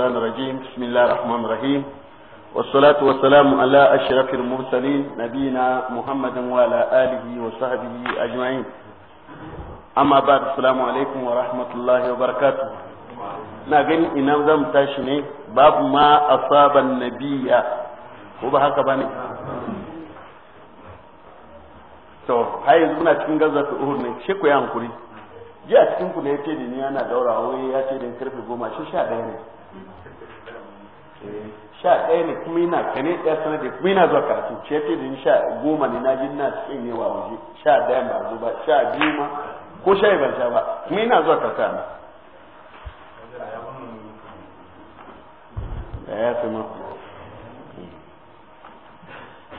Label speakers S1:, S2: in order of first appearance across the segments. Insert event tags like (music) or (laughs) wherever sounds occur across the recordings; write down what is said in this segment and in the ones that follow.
S1: الشيطان الرجيم بسم الله الرحمن الرحيم والصلاة والسلام على أشرف المرسلين نبينا محمد وعلى آله وصحبه أجمعين أما بعد السلام عليكم ورحمة الله وبركاته نغني إن أمزم تاشني باب ما أصاب النبي وبهك بني to har yanzu muna cikin gaza ta uhud ne shi ku yi hankuri jiya cikin ku ne ya ce da ni yana daura wai ya ce da karfe goma shi sha ɗaya ne sha ɗaya ne kuma yana kane ɗaya sanadi kuma yana zuwa karatu ce ce da sha goma ne na jin na cikin yawa waje sha ɗaya ba zuwa sha biyu ma ko sha ban sha ba kuma yana zuwa karatu ne. Ya fi ma.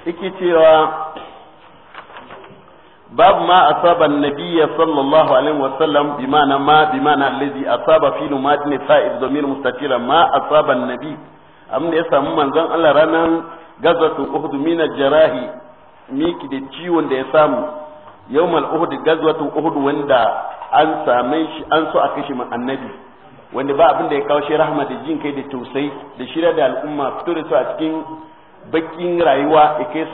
S1: Iki cewa babu ma a saba nabiya sallallahu alaihi wasallam bi mana ma bi mana lazi a saba filin ma ne fa'id ma a saba nabi amma ya samu manzon Allah ranan gazwatu uhud mina jarahi miki da ciwon da ya samu yawmal uhud gazwatu uhud wanda an same shi an so a kashe man annabi wanda ba abin da ya kawo shi rahama da jin kai da tausayi da shirya da al'umma fito da su a cikin bakin rayuwa ya kai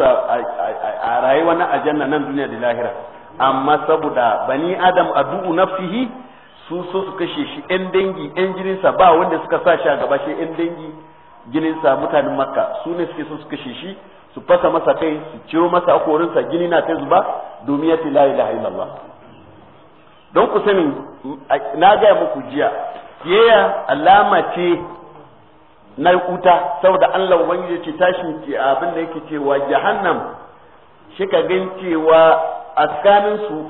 S1: a rayuwa na ajanna nan duniya da lahira amma saboda bani adam adu'u nafsihi su so su kashe shi yan dangi yan jirinsa ba wanda suka sa shi a gaba shi yan dangi sa mutanen makka su ne suke so su kashe shi su fasa masa kai su ciro masa akorinsa gini na ta zuba domin ya ce la ilaha illallah don ku sani na gaya muku jiya yaya alama ce na wuta saboda Allah ubangiji ce tashin ce abin da yake cewa jahannam shi ka gan cewa a su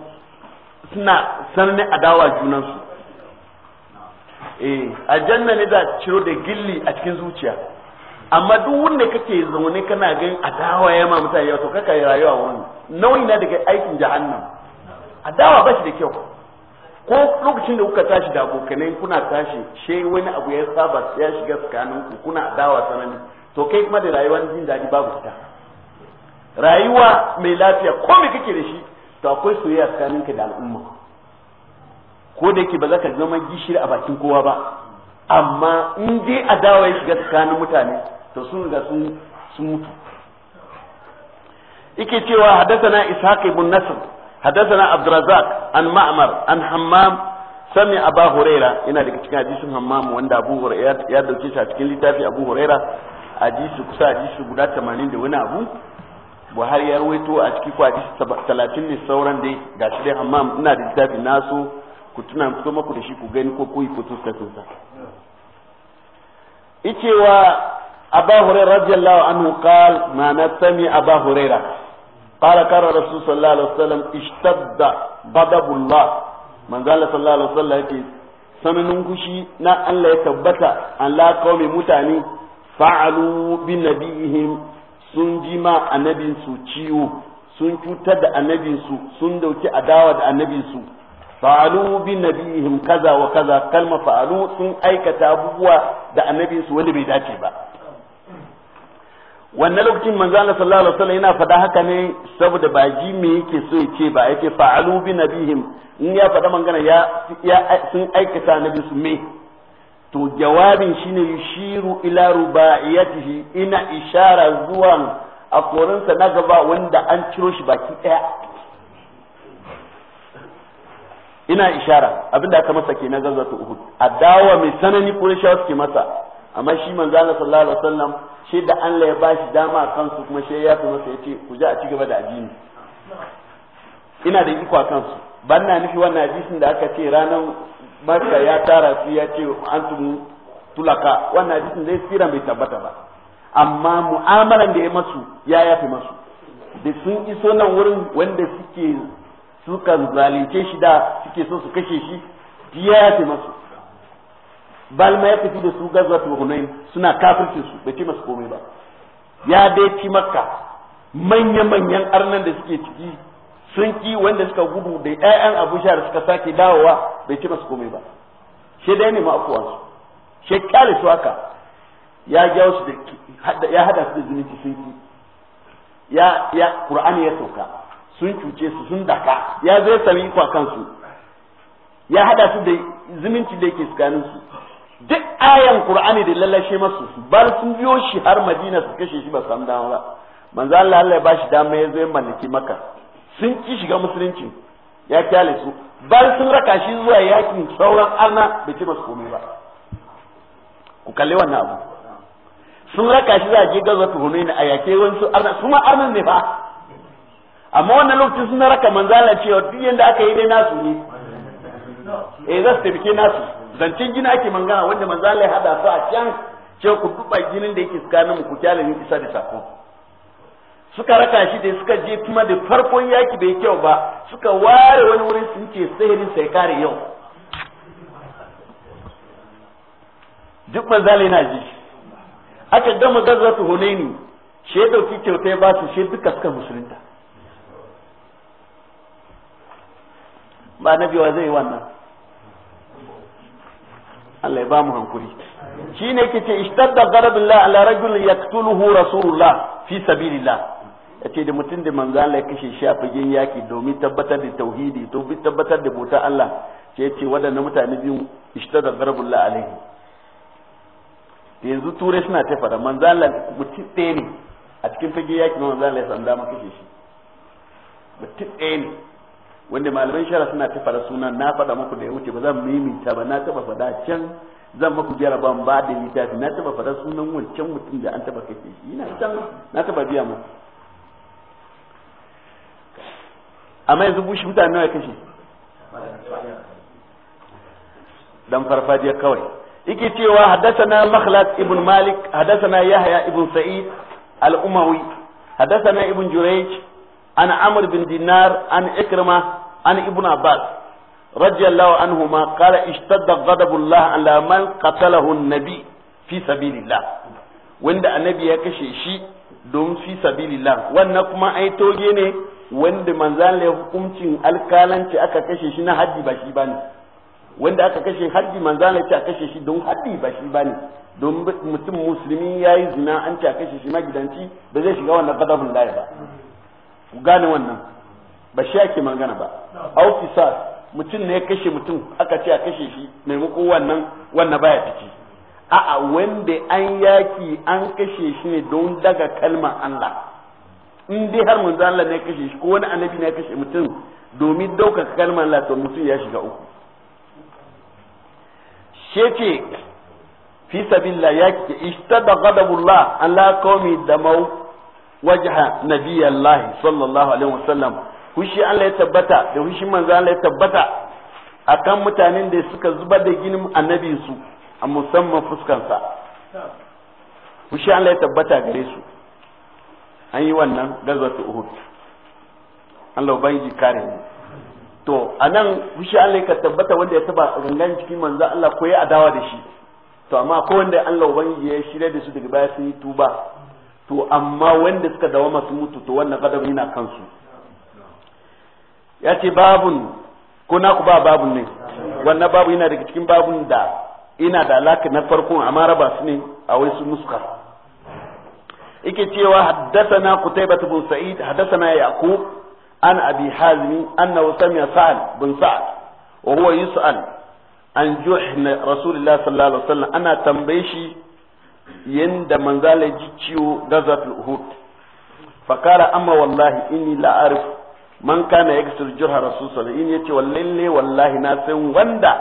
S1: suna sanne adawa junansu eh aljanna ne za a ciro da gilli a cikin zuciya amma duk wanda kake zaune kana ganin adawa ya ma mutane to kaka yi rayuwa wani nauyi na daga aikin jahannam adawa ba shi da kyau ko lokacin da kuka tashi da abokanai kuna tashi she wani abu ya saba ya shiga tsakanin ku kuna adawa sanani to kai kuma da rayuwar jin daɗi babu ta rayuwa mai lafiya ko me kake da shi to akwai soyayya tsakaninka da al'umma ko da yake ba za ka zama gishiri a bakin kowa ba amma in dai adawa ya shiga tsakanin mutane to sun riga sun mutu yake cewa hadathana ishaq ibn nasr hadathana abdurrazzaq an ma'mar an hammam sami abu huraira ina daga cikin hadisin hammam wanda abu huraira ya dauke shi a cikin littafi abu huraira hadisi kusa hadisi guda 80 da wani abu buhari ya ruwaito a cikin hadisi 30 ne sauran dai gashi dai hammam ina da littafi nasu ku tuna ku maku da shi ku gani ko ku yi fito sai kun saka ice wa abba hurairah radiyallahu anhu qal ma nasami abba hurairah qala qala rasul sallallahu alaihi wasallam ishtadda badabullah manzal sallallahu alaihi wasallam yake sanannin kushi na Allah ya tabbata an la kaumi mutane fa'alu bi nabihim sun ji ma annabinsu ciwo sun cutar da annabinsu sun dauki adawa da annabinsu fa'alu bi nabihim kaza wa kaza kalma fa'alu sun aikata abubuwa da annabi su wanda bai dace ba wannan lokacin manzo Allah sallallahu alaihi wasallam yana faɗa haka ne saboda ba ji me yake so yace ba yace fa'alu bi nabihim in ya faɗa magana ya sun aikata nabi su me to jawabin shine yushiru ila rubaiyatihi ina ishara zuwa a korinsa na gaba wanda an ciro shi baki daya ina ishara abin da aka masa ke kenan gazwatu uhud dawa mai tsanani qurayshawa suke masa amma shi manzo Allah sallallahu alaihi wasallam shi da Allah ya bashi dama kansu kuma shi ya fi masa yace ku ji a cigaba da addini ina da iko a kansu ban nufi wannan hadisin da aka ce ranar marka ya tara su ya ce antum tulaka wannan hadisin dai sira bai tabbata ba amma mu'amalan da ya masu ya yafi masu da sun iso nan wurin wanda suke sukan zalunce shi da suke so su kashe shi biya ya ce masu balma ya tafi da su gazuwa ta hunayin suna kafircin su bai ce masu komai ba ya dai ci makka manya-manyan arnan da suke ciki sun ki wanda suka gudu da 'ya'yan abu da suka sake dawowa bai ce masu komai ba shi dai ne ma'afuwansu shi kyale su haka ya jawo su da ya hada su da zumunci sun ki ya ya qur'ani ya sauka sun cuce su sun daka ya zo ya sami iko kansu ya hada su da zumunci da yake tsakanin su duk ayan qur'ani da lallashe masu su bar sun biyo shi har madina su kashe shi ba san dama ba manzo Allah Allah ya bashi dama ya zo ya mallaki maka sun ki shiga musulunci ya kyale su bar sun raka shi zuwa yakin sauran arna bai ci masu komai ba ku kalle wannan abu sun raka shi za a je gaza tuhume ne a yake wani su arna su ma arnan ne fa amma wannan lokacin suna raka manzala cewa duk yanda aka yi dai nasu ne eh za su taimake nasu zancen gina ake mangana wanda manzala ya hada su a can ce ku duba ginin da yake tsakanin mu ku kyale ni isa da sako suka raka shi da suka je kuma da farkon yaki bai kyau ba suka ware wani wurin sun ce sahirin sai kare yau duk manzala yana ji aka gama gazzatu hunaini shi ya dauki kyautai ba su shi duka suka musulunta ba na wa zai wannan Allah ya ba mu hankuri shine yake ce ishtadda la, ala rajul yaqtuluhu rasulullah fi sabilillah yace da mutum da manzo Allah ya kashe shi a fagen yaki domin tabbatar da tauhidi to bi tabbatar da bota Allah ce yace wadannan mutane biyu ishtadda la alaihi yanzu turai suna ta fara manzo Allah mutum ɗaya ne a cikin fagen yaki manzo Allah ya sanda maka kashe shi mutum ɗaya ne wanda malaman shara suna ta fara suna na faɗa muku da ya wuce ba zan miminta ba na taɓa faɗa can zan maku jaraban ba da littafi na taɓa faɗa sunan wancan mutum da an taɓa kashe shi ina can na taɓa biya mu. amma yanzu bushi mutane nawa ya kashe dan farfajiya kawai yake cewa haddathana makhlas ibn malik haddathana yahya ibn sa'id al-umawi haddathana ibn jurayj an amr bin dinar an ikrima an ibn abbas radiyallahu anhuma qala ishtadda ghadabullah ala man qatalahu an-nabi fi sabilillah wanda annabi ya kashe shi don fi sabilillah wannan kuma ai toge ne wanda manzan ya hukuncin alkalanci aka kashe shi na haddi ba shi bane wanda aka kashe haddi manzan ya ce a kashe shi don haddi ba shi bane don mutum musulmi ya yi zina an ce a kashe shi magidanci ba zai shiga wannan gadabun laye ba ku gane wannan ba shi ake magana ba au mutum ne ya kashe mutum aka ce a kashe shi maimakon wannan wannan baya ciki a'a wanda an yaki an kashe shi ne don daga kalmar Allah in dai har manzo Allah ne kashe shi ko wani annabi ne kashe mutum domin dauka kalmar Allah to mutum ya shiga uku sheke fi sabilillah yaki istada ghadabullah ala qaumi da mau wajha nabiyallahi sallallahu alaihi wasallam hushi Allah ya tabbata da hushi manzo Allah ya tabbata akan mutanen da suka zubar da ginin annabin su a musamman fuskansa hushi Allah ya tabbata gare su an yi wannan gazwatu uhud Allah ubangi kare mu to anan hushi Allah ya tabbata wanda ya taba gangan cikin manzo Allah ko ya adawa da shi to amma ko wanda Allah ubangi ya shirya da su daga baya sun yi tuba to amma wanda suka dawo masu mutu to wannan gadab yana kansu ya ce babun ko na ku ba babun ne wannan babu yana daga cikin babun da ina da alaka na farko amma raba su ne a wai su muskar yake cewa haddathana qutaybah bin sa'id haddathana yaqub an abi hazmi annahu sami'a sa'ad bin sa'ad wa huwa yus'al an juhna rasulullah sallallahu alaihi wasallam ana tambaye shi yanda manzala ji ciwo gazatul uhud fakara amma wallahi inni la arif man kana yaksur jurha rasul sallallahu alaihi yace wallahi wallahi na san wanda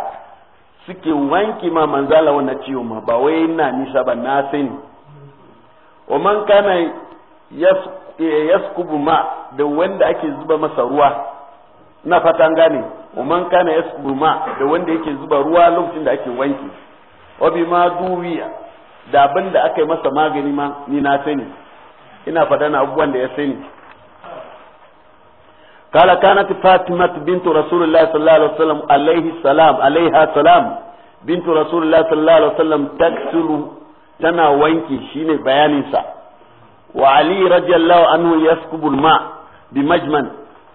S1: suke wanki ma manzala wannan ciwo ma ba wai na nisa ba na san wa man kana yaskubu ma da wanda ake zuba masa ruwa na fatan gane o man kana yaskubu ma da wanda yake zuba ruwa lokacin da ake wanki wa bima duwiya da abin da aka yi masa magani ma ni na sani ina faɗa na abubuwan da ya sani kala kanat fatima bintu rasulullah sallallahu alaihi wasallam alaihi salam alaiha salam bintu rasulullah sallallahu alaihi wasallam taksuru tana wanki shine bayanin sa wa ali radiyallahu anhu yaskubu ma bi majman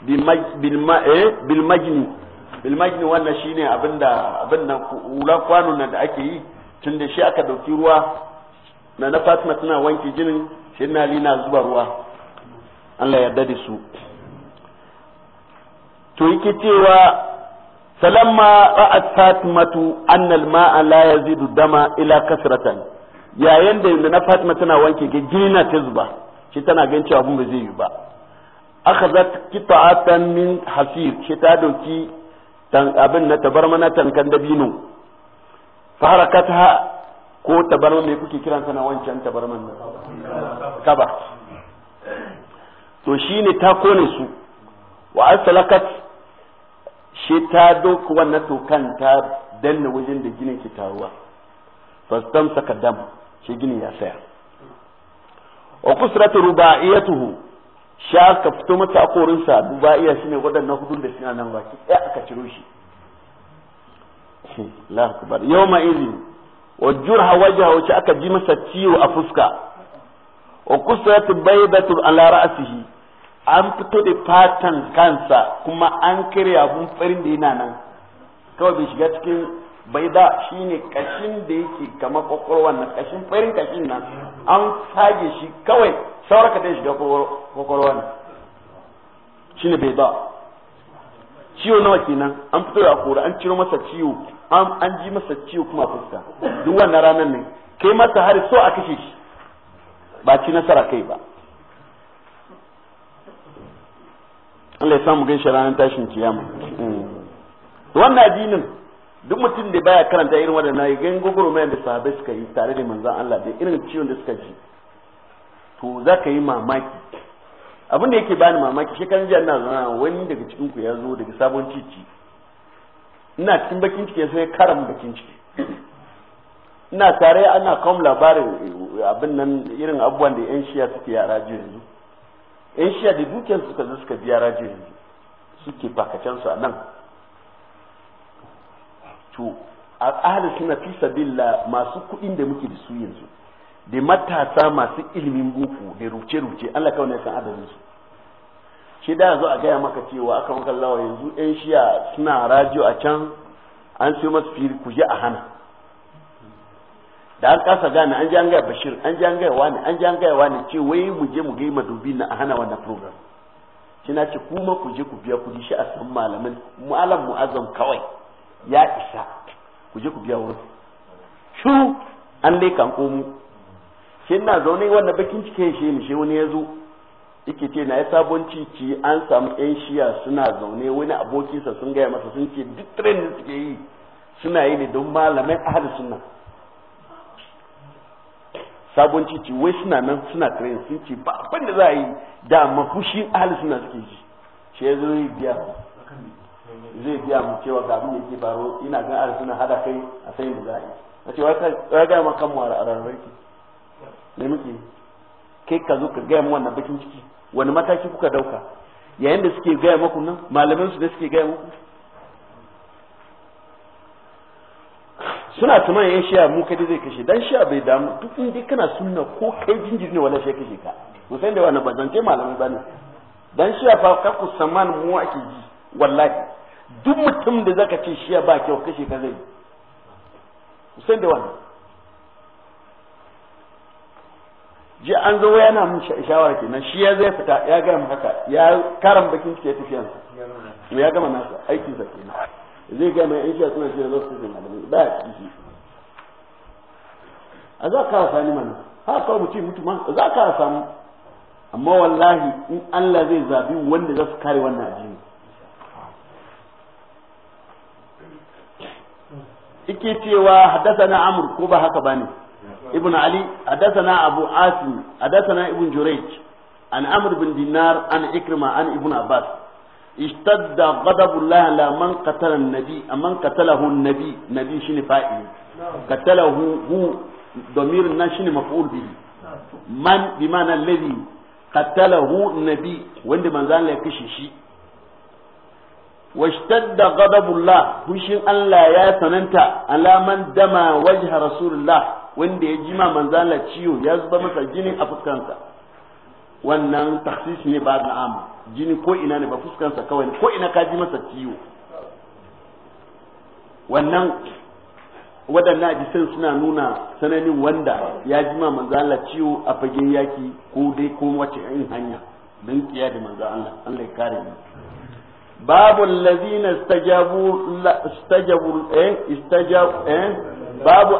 S1: eh, bil majni bil majni wannan shine abinda abin nan da ake yi tun da shi aka dauki ruwa na na fatima tana wanke jinin shi na na zuba ruwa Allah yarda da su to yake cewa salamma ra'at fatimatu anna al-ma'a la yazidu dama ila kasratan yayin da na fatima tana wanke jini na ta zuba shi tana gan cewa abun ba zai yi ba akhazat qita'atan min hasir shi ta dauki tan abin na tabarmana tankan dabino farakatha ko tabarman mai kuke kiran sana wancan tabarman nan kaba to shine ta kone su wa asalakat shi ta doku wannan tokan ta danna wajen da ginin ki taruwa fastam saka dam shi ginin ya saya wa kusratu ruba'iyatuhu sha ka fito mata akorinsa duba iya shine wadannan hudun da suna nan baki ɗaya aka ciro shi Allahu akbar yawma iri wa jurha wajhahu wuce aka ji masa ciwo a fuska wa kusrat baydatu ala ra'sihi an fito da fatan kansa kuma an karya abun farin da yana nan kawai bai shiga cikin shi shine kashin da yake kama kwakwalwar nan kashin farin kashin nan an sage shi kawai sauraka ta shiga kwakwalwar nan shine baida ciwo nawa kenan an fito da kura an ciro masa ciwo an ji masa ciwo kuma fuska duk wannan ranar ne kai masa har so a kashe shi ba ci nasara kai ba Allah ya samu ganshi ranar tashin kiyama wannan addinin duk mutum da baya karanta irin waɗannan ya gan gugurumai da sahabbai suka yi tare da manzon Allah da irin ciwon da suka ji to za ka yi mamaki abin da yake bani mamaki shekaran jiya ina zana wani daga cikin ku ya zo daga sabon cici ina cikin bakin ciki sai karam bakin ciki ina tare ana kawo labarin eh, abin nan irin abubuwan da yan shiya suke yara yanzu yan shiya da dukiyar su zo suka biya rajiyo yanzu suke bakacen su a nan to a ahli suna fi sabilla masu kuɗin da muke da su yanzu da matasa masu ilimin boko da ruce-ruce Allah kawai ne san adadin su shi da zo a gaya maka cewa aka maka lawa yanzu ɗan shiya suna rajiyo a can an siyo masu fili ku je a hana da an kasa gane an ji an gaya bashir an ji an gaya wani an ji an gaya wani ce wai mu je mu gai madubi na a hana wannan program shi na ce kuma ku je ku biya kuɗi shi a san malamin malam mu'azzam kawai ya isa ku je ku biya wurin shu an dai kan komo shi na zaune wannan bakin cike shi ne shi wani ya zo yake ce na ya sabon cici an samu yan shiya suna zaune wani abokinsa sun gaya masa sun ce duk da suke yi suna yi ne don malamai ahli suna sabon cici wai suna nan suna train sun ce ba abin da za a yi da mafushin ahli suna suke ji shi ya zo yi biya zai biya mu cewa ga abin da yake baro ina ga ahli suna hada kai a sayin da za a yi na ce wai ga ma mu a rarrarki ne muke kai ka zo ka gaya mu wannan bakin ciki wani mataki kuka dauka yayin da suke gaya muku nan malaman su da suke gaya muku suna tuma yan shiya mu kai zai kashe dan shiya bai damu duk dai kana sunna ko kai jinjiri ne wala shi kashe ka musan da wannan bazance malamin bane dan shiya fa ka ku saman mu ake ji wallahi duk mutum da zaka ce shiya ba kyau kashe ka zai musan da wannan je an zo yana mun shawara kenan shi ya zai fita ya ga mu haka ya karam bakin ke tafiyan sa ya gama nasa aikin sa kenan zai ga mai aisha suna shi zo su zai malami ba ya ciki a za ka sani mana ha ka mutum mutu ma za ka samu amma wallahi in Allah zai zabi wanda za su kare wannan addini ike cewa haddasa na amur ko ba haka bane ابن علي حدثنا أبو عاصم حدثنا ابن جريج عن عمرو بن دينار عن إكرمة عن ابن عباس اشتد غضب الله على من قتل النبي من قتله النبي نبي شنو فاعل قتله هو ضمير شنو مفعول به من بمعنى الذي قتله النبي وند من زال يكششي واشتد غضب الله وشن الله يا سننت على من دمى وجه رسول الله wanda ya ji ma manzala ciwo ya zuba masa jini a fuskansa wannan taksis ne ba na am jini ko ina ne ba fuskansa kawai ko ina ka ji masa ciwo wannan waɗannan hadisan suna nuna sananin wanda ya ji ma manzo Allah ciwo a fagen yaki ko dai ko wace yin hanya don kiya da manzo Allah Allah ya kare mu babu allazina istajabu istajabu eh istajabu eh babu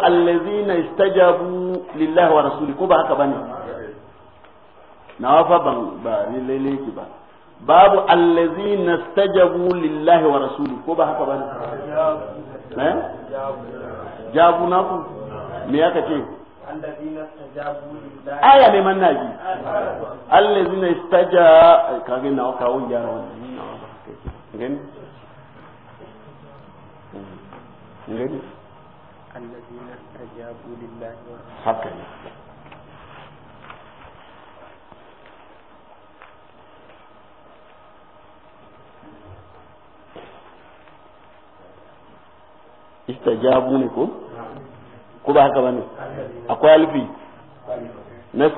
S1: na istajabu lillahi wa rasuli ko ba haka ba ne. na wafa ban ba lalle ki ba babu na istajabu lillahi wa rasuli ko ba haka bane eh
S2: jabu na ku me yaka ce aya ne man naji allazina
S1: istaja kage nawa kawo gyara wannan gani gani
S2: استجابوا لله حقا
S1: استجابوا لكم ko ko ba haka ba ne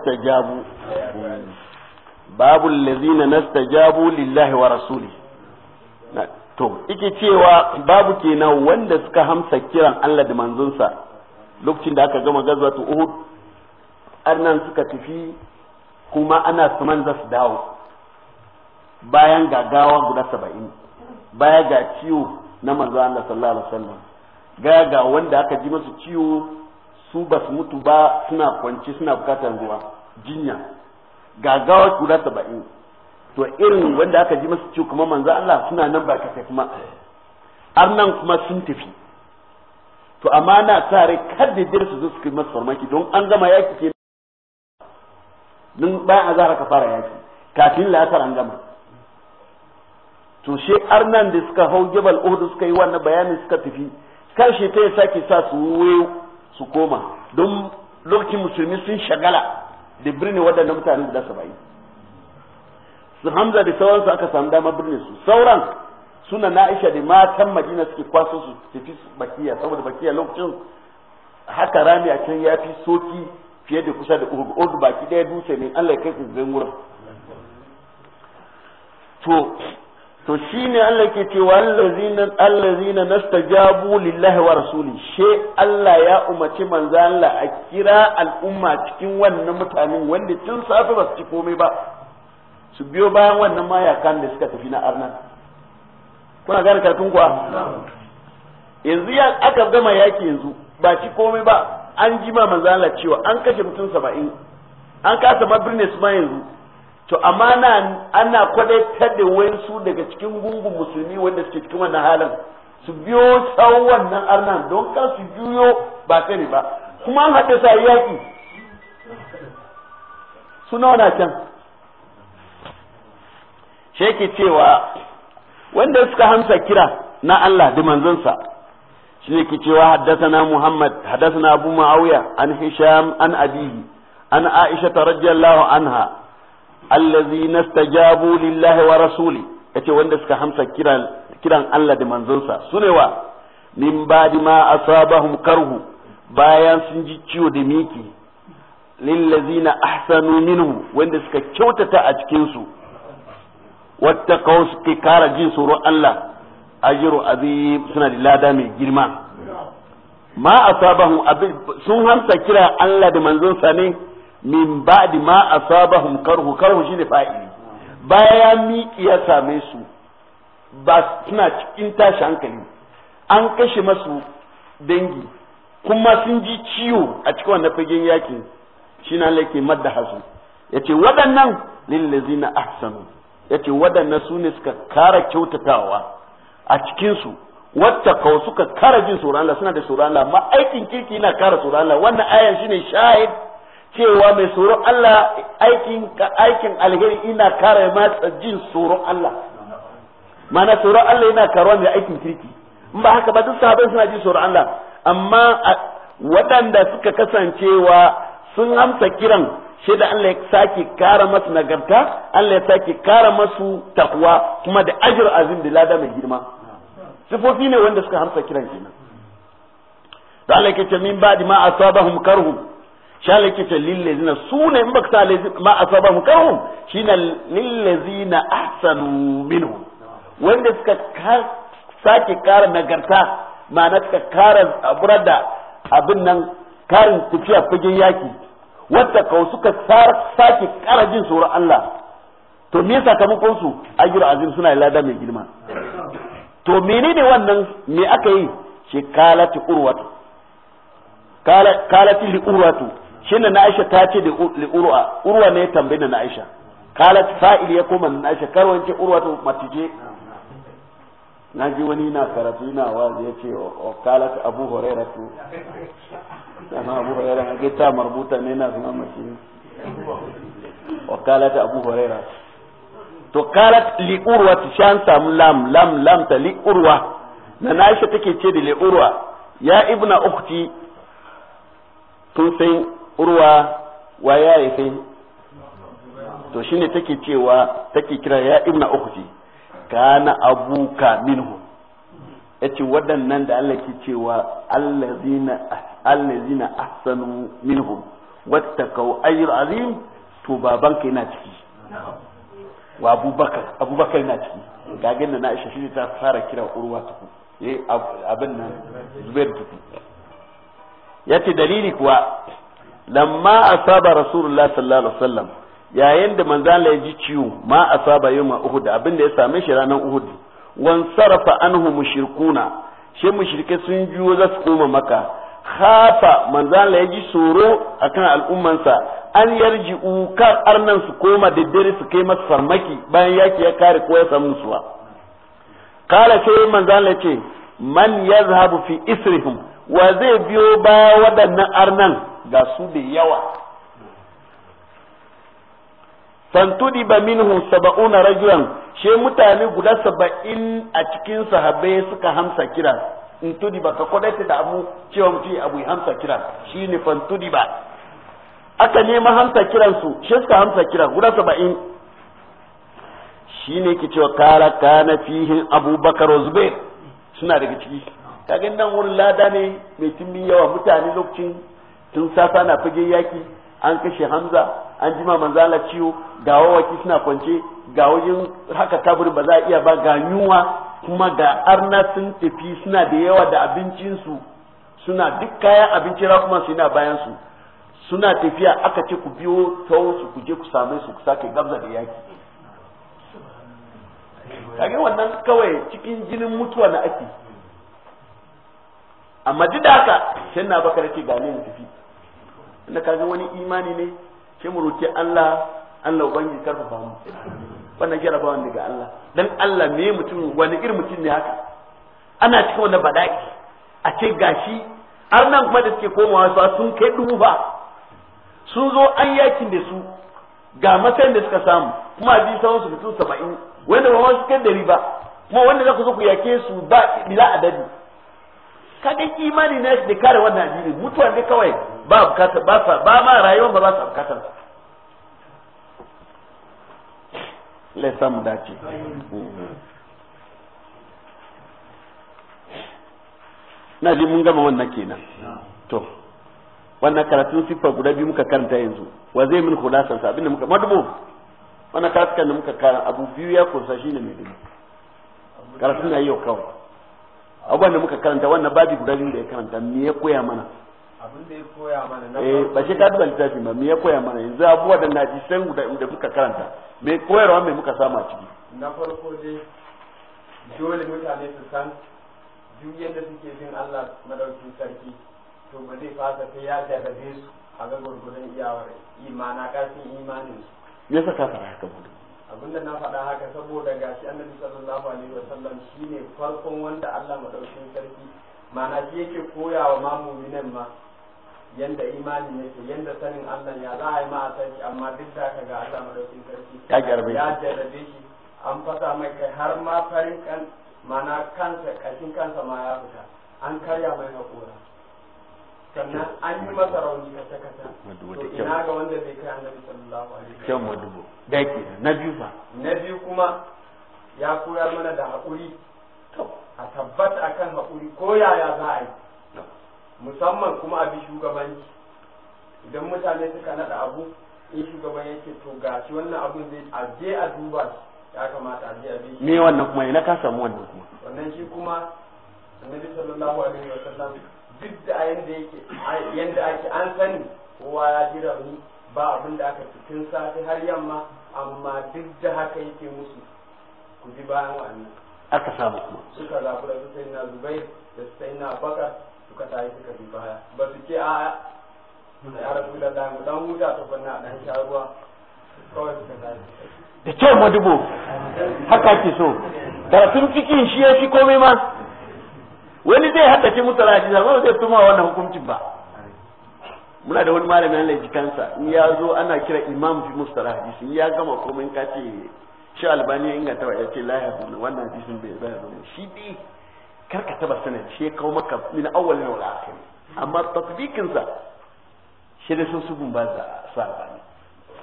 S1: cewa babu kenan wanda suka hamsa kiran Allah da manzonsa lokacin da aka gama ta uhud arnan suka tafi kuma ana saman za su dawo bayan gagawa guda saba'in baya ga ciwo na manzo Allah sallallahu alaihi wasallam ga ga wanda aka ji masu ciwo su ba su mutu ba suna kwanci suna bukatar ruwa jinya gagawa guda saba'in to irin wanda aka ji masu ciwo kuma manzo Allah suna nan ba kasai kuma arnan kuma sun tafi to amma na sa rai kada dir su zo su farmaki don an gama yaki ke don bayan azara ka fara yaki kafin la'asar an gama to she arnan da suka hau jabal ohudu suka yi wannan bayanin suka tafi karshe ta ya sake sa su wayo su koma don lokacin musulmi sun shagala da birni waɗannan mutane guda bai su hamza da sauransu aka samu dama birni su sauran suna na aisha da matan madina suke kwaso su tafi bakiya saboda bakiya lokacin haka rami a can ya fi soki fiye da kusa da uhud uhud baki daya dutse ne allah ya kai su zan wurin to to shine Allah ke cewa allazina allazina nastajabu lillahi wa rasuli she Allah ya umarci manzo Allah a kira al'umma cikin wannan mutanen wanda tun safi ba su ci komai ba su biyo bayan wannan mayakan da suka tafi na arna kuna gane karfin kuwa yanzu ya aka gama yaki yanzu ba ci komai ba an ji ma manzala cewa an kashe mutum saba'in an kasa ma su ma yanzu to amma na ana kwadaitar da wayansu daga cikin gungun musulmi wanda suke cikin wannan halin su biyo tsawon wannan arnan don kan su juyo ba sani ba kuma an haɗe sa a yaƙi suna wana can shi yake cewa wanda suka hamsa kira na Allah da manzansa shine ke cewa haddathana Muhammad haddathana Abu Muawiya an Hisham an abihi an Aisha radhiyallahu anha allazi nastajabu lillahi wa rasuli yace wanda suka hamsa kiran kiran Allah da manzansa sune wa min ba'di ma asabahum karhu bayan sun ji ciwo da miki lillazina ahsanu minhu wanda suka kyautata a cikin su wattaqaw suke kara jin tsoron Allah ajru azim suna da lada mai girma ma asabahum abin sun hamsa kira Allah da manzon sa ne min ba'di ma asabahum karhu karhu shine fa'ili baya miki ya same su ba suna cikin tashi hankali an kashe masu dangi kuma sun ji ciwo a cikin wannan fagen yakin shi na laike madda hasu ya ce waɗannan lillazina ahsanu yace waɗannan su ne suka kara kyautatawa a cikinsu wacce kawo suka kara jin tsoron Allah suna da tsoron Allah ma aikin kirki na kara tsoron Allah wannan ayan shine shahid cewa mai tsoron Allah aikin aikin alheri ina kara ma jin tsoron Allah mana tsoron Allah yana karuwa mai aikin kirki in ba haka ba duk sahabbai suna jin tsoron Allah amma waɗanda suka kasancewa sun amsa kiran shi da Allah ya sake kara masu nagarta Allah ya sake kara masu takwa kuma da ajir azim da lada mai girma sifofi ne wanda suka harsa kiran kenan da Allah ya ce min ba'di ma asabahum karhu shi Allah ya ce lillazina sune in baka sa ma asabahum karhum shine lillazina ahsanu minhum wanda suka sake kara nagarta ma'ana suka kara abura da abin nan karin tafiya fagen yaki wanda kawai suka sake karajin jin tsoron Allah to me sakamakon su ajiyar azim suna lada mai girma to menene wannan me aka yi ce kalati urwatu kalati li urwatu shine na Aisha ta ce da urwa urwa ne tambayi na Aisha kalati fa'il ya koma na Aisha karwance urwatu matije na ji wani na karatu yana wazi ya ce ta abu horaira tu
S2: sama abu horaira na ta
S1: marbuta ne na zama mace ta abu horaira to kalat li urwa shan samu lam lam lam ta li urwa na nashi take ce da li urwa ya ibna ukti tun sai urwa wa ya yi to shine take cewa take kira ya ibna ukti kana abuka minhu yace waɗannan da Allah ke cewa allazina allazina ahsanu minhum wattaqau ajr azim to baban babanka yana ciki wa abubakar abubakar yana ciki gagan na Aisha shine ta fara kira urwa ku eh abin nan Zubair tuku yace dalili kuwa lamma asaba rasulullah sallallahu alaihi wasallam yayin da manzala ya ji ciwo ma asaba ma uhud abin da ya same shi ranar uhud wan sarafa anhu mushrikuna she mushrike sun juyo za su koma maka khafa manzala ya ji tsoro akan al'ummansa an yarji'u kar arnan su koma da dare su kai masa farmaki bayan yaki ya kare ko ya samu suwa kala sai manzala ce man yazhabu fi isrihim wa zai biyo ba waɗannan arnan ga su da yawa fantudi ba minhu saba'una rajulan she mutane guda saba'in a cikin sahabbai suka hamsa kira in tudi ba ka kwadaita da abu cewa mutum abu ya hamsa kira shine fantudi ba aka nema hamsa kiran su she suka hamsa kira guda saba'in ne ke cewa kara kana fihin abubakar zubair suna daga ciki kaga nan wurin lada ne mai timbin yawa mutane lokacin tun safa na fage yaki an kashe hamza an jima manzala ciwo ga wawaki suna kwance ga wajen haka kabur ba za a iya ba ga yunwa kuma ga arna sun tafi suna da yawa da abincinsu suna duk kayan abinci kuma su yana bayan su suna tafiya aka ce ku biyo tawo su ku je ku same su ku sake gabza da yaki kage wannan kawai cikin jinin mutuwa na ake amma duk da haka sai na baka rake gane tafi inda kage wani imani ne shi mu roki Allah Allah karfa karfafa mu wannan jarabawan daga Allah dan Allah me mutum wani irin mutum ne haka ana cikin wannan bala'i a ce gashi har nan kuma da suke komawa su sun kai dubu ba sun zo an yakin da su ga matsayin da suka samu kuma bi sawun su mutum saba'in wanda ba wasu kan dari ba kuma wanda za ku zo ku yake su ba bila adadi kaɗan imani na da kare wannan addini mutuwa ne kawai ba bukata ba sa ba ma rayuwa ba za su bukatar su lai samu dace na ji mun gama wannan kenan to wannan karatun siffa guda biyu muka karanta yanzu wa zai min khulasan sa abinda muka madubo wannan karatukan da muka kara abu biyu ya kunsa shine mai dubu karatun na yau kawai abubuwan da muka karanta wannan babi guda biyu da ya karanta me ya koya mana
S2: Abin da ya koya eh ba shi ka duba littafi ma me ya koya mana yanzu abubuwa da
S1: naji san da muka karanta me koyarwa me muka samu a ciki na farko dai dole mutane su san duk yadda suke bin Allah madaukin sarki to ba zai fasa sai ya jarrabe su a ga gurgurun iyawar imana kasin imanin su me yasa ka fara haka bude abinda na faɗa haka saboda gashi annabi sallallahu alaihi wasallam shine farkon wanda Allah madaukin sarki ma'ana shi yake koyawa ma mu'minan ma yanda imanin yake yanda sanin Allah ya za a yi ma sarki amma duk da ka ga Allah madaukin sarki ya jarrabe shi an fasa mai kai har ma farin kan mana kansa kashin kansa ma ya fita an karya mai haƙora sannan an yi masa rauni ta kasa to ina ga wanda zai kai annabi sallallahu alaihi wa sallam madubo dai na biyu ba na biyu kuma ya koyar mana da haƙuri a tabbata akan haƙuri ko yaya za a yi musamman kuma abin shugabanci idan mutane suka naɗa abu in shugaban yake to ga shi wannan abun zai aje a duba ya kamata aje a bi me wannan kuma ina ka samu wannan kuma wannan shi kuma annabi sallallahu alaihi wasallam duk da da yake yanda ake an sani kowa ya ji rauni ba abin da aka cikin safi har yamma amma duk da haka yake musu ku ji bayan wannan aka samu kuma suka zaɓi sai na zubai da sai na bakar suka tayi suka bi baya ba su ce a'a ya rabu da dan dan wuta to fanna dan sha ruwa kawai suka tayi da kyau dubo haka ke so karatun cikin shi ya fi komai ma wani zai haddace mutala shi zama zai tuma wannan hukuncin ba muna da wani malami Allah ji kansa in ya zo ana kira imam fi mustala hadisi ya gama komai ka ce shi albani ya inganta wa ya ce lahi ya wannan hadisin bai zai zama shi dai karka taba sanin shi kawo maka min awwalin wala akhir amma tatbiqin sa shi da sun su gumba za su albani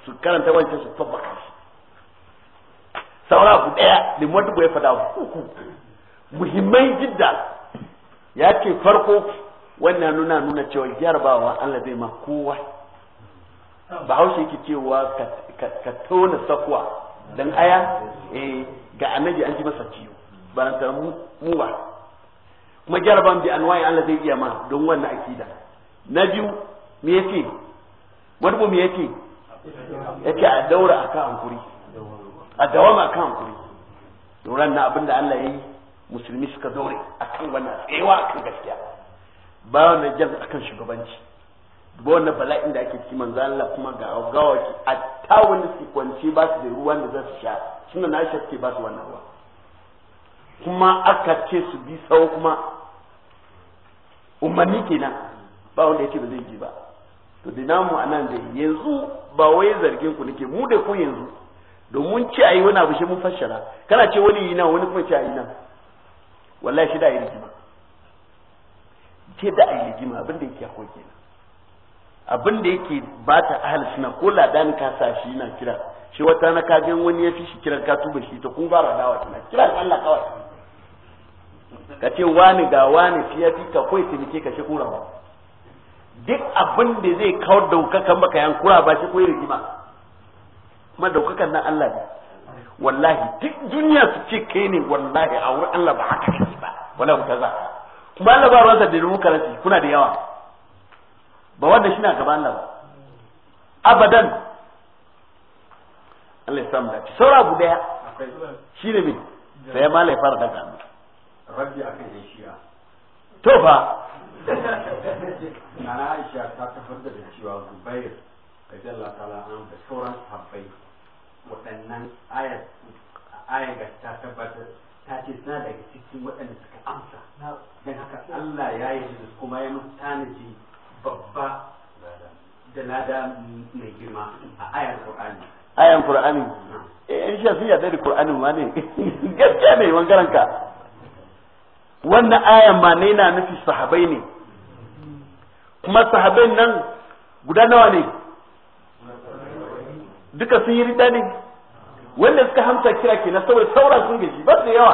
S1: su karanta wancan su tabbaka shi
S2: saura ku daya
S1: limwatu ya fada uku muhimmai jidda ya ce farko wannan nuna nuna cewa jarabawa Allah zai ma kowa ba haushe yake cewa ka tona sakwa dan aya eh ga annabi an ji masa ciwo ba mu mu ba majaraban bi anwa'i Allah zai iya ma don wannan akida na biyu me yake madubu me yake
S2: yake a daura akan hankuri
S1: a dawama akan hankuri doran na abinda Allah ya yi musulmi suka daure akan wannan tsewa akan gaskiya ba wannan jan akan shugabanci ba wannan bala'in da ake ciki manzo Allah kuma ga gawaki a tawun sikwanci ba su da ruwan da za su sha suna na shakke ba su wannan ruwa kuma aka ce su bi sau kuma umarni kenan ba wanda ya ce ba zai ji ba to da namu a nan zai yanzu ba wai zargin ku nake mu da ku yanzu domin ci ayi wani abu shi mun fassara kana ce wani yi nan wani kuma ci ayi nan wallahi shi da ayi rigima ce da ayi rigima abin da yake akwai kenan abin da yake ba ta ahal suna ko ladan ka sa shi na kira shi wata na kajin wani ya fi shi kiran ka tuba shi ta kun ba dawa kira kiran Allah kawai ka ce wani ga wani fiye fi ka kawai taimake ka shi kurawa duk abin da zai kawar daukakan baka yankura ba shi koyi rigima kuma daukakan nan Allah ne wallahi duk duniya su ce kai ne wallahi a wurin Allah ba haka shi ba wala ku kaza kuma Allah ba ruwansa da ruwan karanci kuna da yawa ba wanda shi na gaba Allah ba abadan Allah ya samu dace saura guda shi ne me sai ma lai fara daga
S2: rabbi akan yan shi'a to fa (laughs) nana aisha ta tabbatar da cewa zubair radiyallahu ta'ala an da sauran sahabbai waɗannan ayat ayat ga ta tabbatar ta ce suna daga cikin waɗanda suka
S1: amsa don haka Allah ya yi da kuma ya musu tanaji babba da lada mai girma a ayar Qur'ani ayan Qur'ani eh in shafi ya da Qur'anin ma ne (laughs) gaskiya ne wangaranka wannan ayan ma ne na nufi sahabai ne kuma sahabai nan guda nawa ne duka sun yi rida ne wanda suka hamsa kira ke na saboda saura sun gaji ba da yawa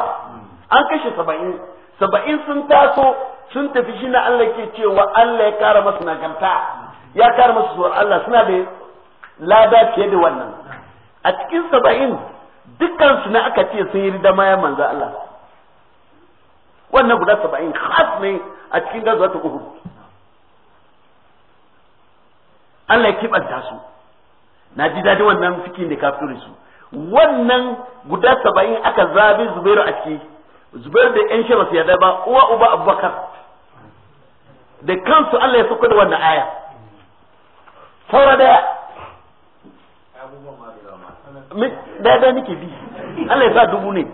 S1: an kashe saba'in saba'in sun taso sun tafi shi na Allah ke cewa Allah ya kara masu naganta ya kara masu tsoron Allah suna da lada fiye da wannan a cikin saba'in dukkansu na aka ce sun yi rida ma ya manzo Allah wannan guda saba'in khas ne a cikin gazuwa ta uhud Allah ya kibanta su na ji daɗi wannan fiki da ka su wannan guda saba'in aka zabi zubairu a ciki zubairu da yan shaba su yarda ba uwa uba abubakar da kansu Allah ya sauko da wannan aya saura daya da da nike bi Allah ya sa dubu ne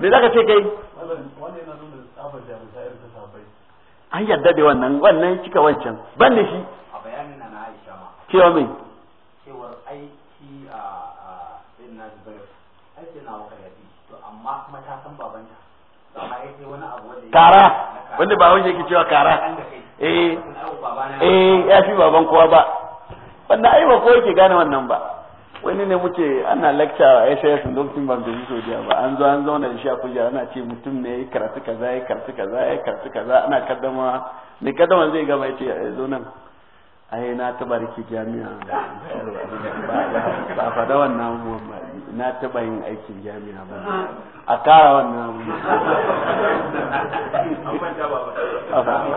S1: me zaka ce kai an yadda da wannan wannan cika wancan ban da shi a bayanin na Aisha ma cewa me cewa aiki a din na zubair aiki na waka yafi to amma kuma ta san babanta amma ce wani abu
S2: wanda kara wanda ba wani yake cewa kara eh eh ya fi baban kowa ba
S1: wannan ai ba ko yake gane wannan ba wani ne muke ana lecture a SAS lokacin ban da Saudiya ba an zo an zauna da shi a kujera ana ce mutum ne yayi karatu kaza yayi karatu kaza yayi karatu kaza ana kaddama ne kaddama zai gama yace eh, zo nan ai na taba riki jami'a ba fada wannan abubuwan ba na taba yin aikin jami'a ba a kara wannan abubuwan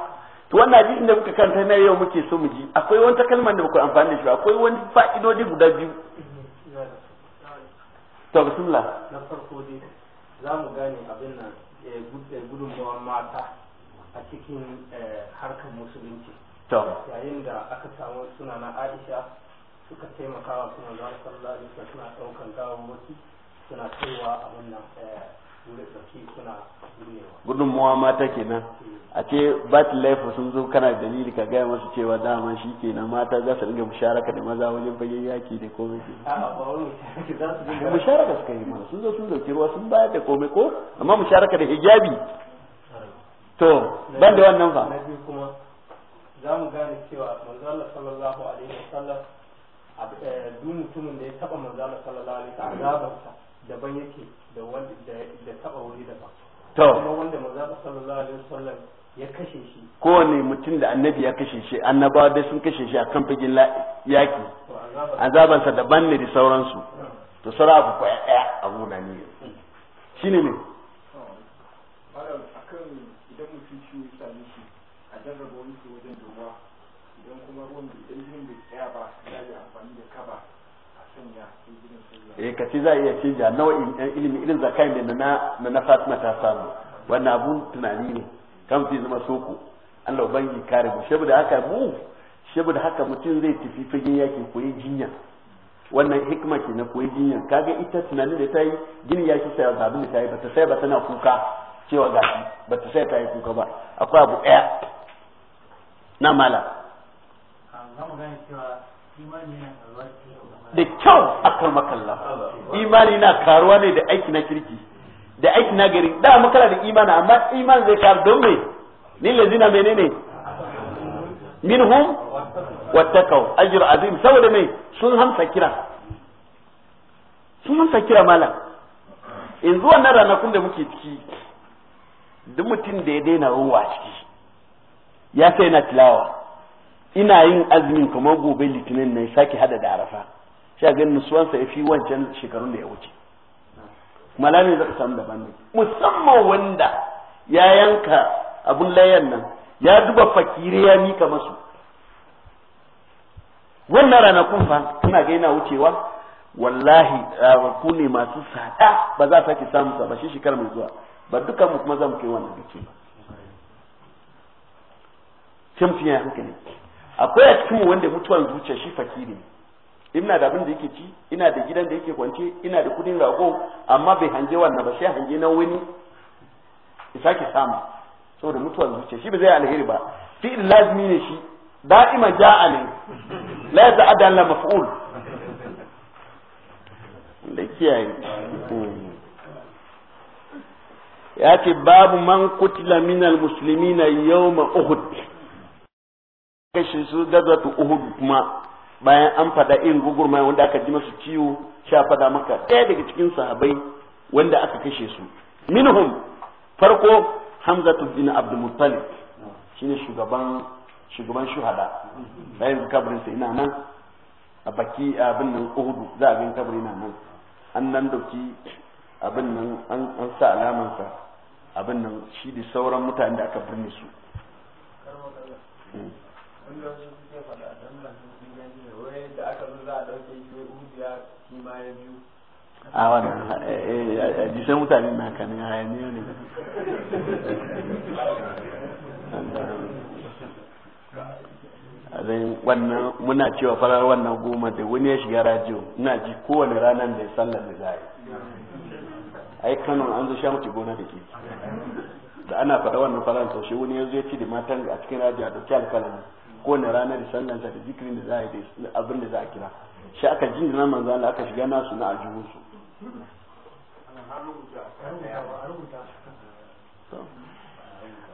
S1: to wannan hadisin da muka kanta na yau muke so mu ji akwai wata kalmar da muka amfani da shi akwai wani fa'idodi guda biyu to bismillah
S2: na farko dai za mu gane abin nan eh, eh, gudunmawar mata a cikin eh, harkar musulunci yayin da aka samu suna na aisha suka taimaka wa suna za sallallahu alaihi suna daukan gawo wasu suna kaiwa abin nan
S1: muwa mata kenan hmm. a ce batlaifu sun zo kana da dalili ka gaya masu cewa dama shi kenan mata za su dinga musharaka da maza wajen fage yaki da komai
S2: ke (laughs)
S1: musharaka suka yi mana sun zo sun dauki ruwa sun bayar da komai ko amma musharaka da hijabi to ban da wannan fa
S2: kuma za mu gane cewa manzo sallallahu alaihi wasallam eh, duk mutumin da ya taba manzo sallallahu alaihi wasallam daban yake da wanda da taba wuri daban to kuma wanda manzo sallallahu alaihi wasallam ya kashe shi kowane
S1: mutum da annabi ya kashe shi annabawa dai sun kashe shi a kan fagen yaki zabansa daban ne da sauransu hmm. to sauran abu kwaya daya a gona ne hmm. shi ne
S2: akan idan mutum shi ya sami shi a jarrabo
S1: eh ka za a iya canja nau'in ɗan ilimi irin zakai ne na na Fatima ta samu wannan abun tunani ne kan fi zama soko Allah ubangi kare mu shebu da haka mu shebu da haka mutum zai tafi fagen yaki koyi jinya wannan hikima ke na koyi jinya kaga ita tunanin da ta yi gini ya sai ya zabi ta yi ta sai ba tana kuka cewa ga ta sai ta yi kuka ba akwai abu ɗaya na mala.
S2: Za mu gane cewa imani yana
S1: da kyau a kalla imani na karuwa ne da aiki na kirki da aiki na gari da makala da imani amma imani zai karu don me ni lazina menene minhum wattaqaw ajr azim saboda me sun hamsa kira sun hamsa kira in yanzu na ranakun da muke ciki duk mutum da ya daina ruwa ciki ya sai na tilawa ina yin azumin kamar gobe litinin ne sake hada da arafa sai ganin nutsuwansa ya fi wancan shekarun da ya wuce malami zaka samu daban ne musamman wanda ya yanka abun layan nan ya duba fakire ya mika masu wannan ranakun fa kuna ga yana wucewa wallahi ku ne masu sada ba za sake samu ba shi shekar mai zuwa ba dukan mu kuma mu kai wannan dace ba kimfiya hankali akwai a cikin wanda mutuwan zuciya shi fakiri ne ina da abin da yake ci ina da gidan da yake kwance ina da kudin rago amma bai hange wannan ba sai hange na wani sake samu saboda mutuwar zuciya shi ba zai alheri ba fi'il lazimi ne shi da'ima ja'a ne la yata'adda la maf'ul da kiyaye hmm. ya ce babu man kutila min al muslimina yawma uhud kashi su gazatu uhud kuma bayan an faɗa irin gugurma wanda aka ji masu ciwo sha faɗa maka ɗaya daga cikin sahabai wanda aka kashe su minhum farko hamza bin abdul muttalib shine shugaban shugaban shuhada bayan kabrin sa ina nan a baki abin nan uhudu za a gan kabari ina nan an nan dauki abin nan an sa alamansa abin nan shi da sauran mutane da aka birne su hmm. a wannan eh, eh, a jisai mutane na kanin hayaniya ne wannan muna cewa farar wannan goma da wani ya shiga rajiyo ina ji kowane ranar da ya sallar da zai ai kano an zo sha mace gona da ke da ana fada wannan farar taushe shi wani ya zo ya ci da matan a cikin rajiyo a ɗauki alkalami kowane ranar da sallar da zikirin da za a yi da abin da za a kira shi aka ji na manzana aka shiga nasu na ajihunsu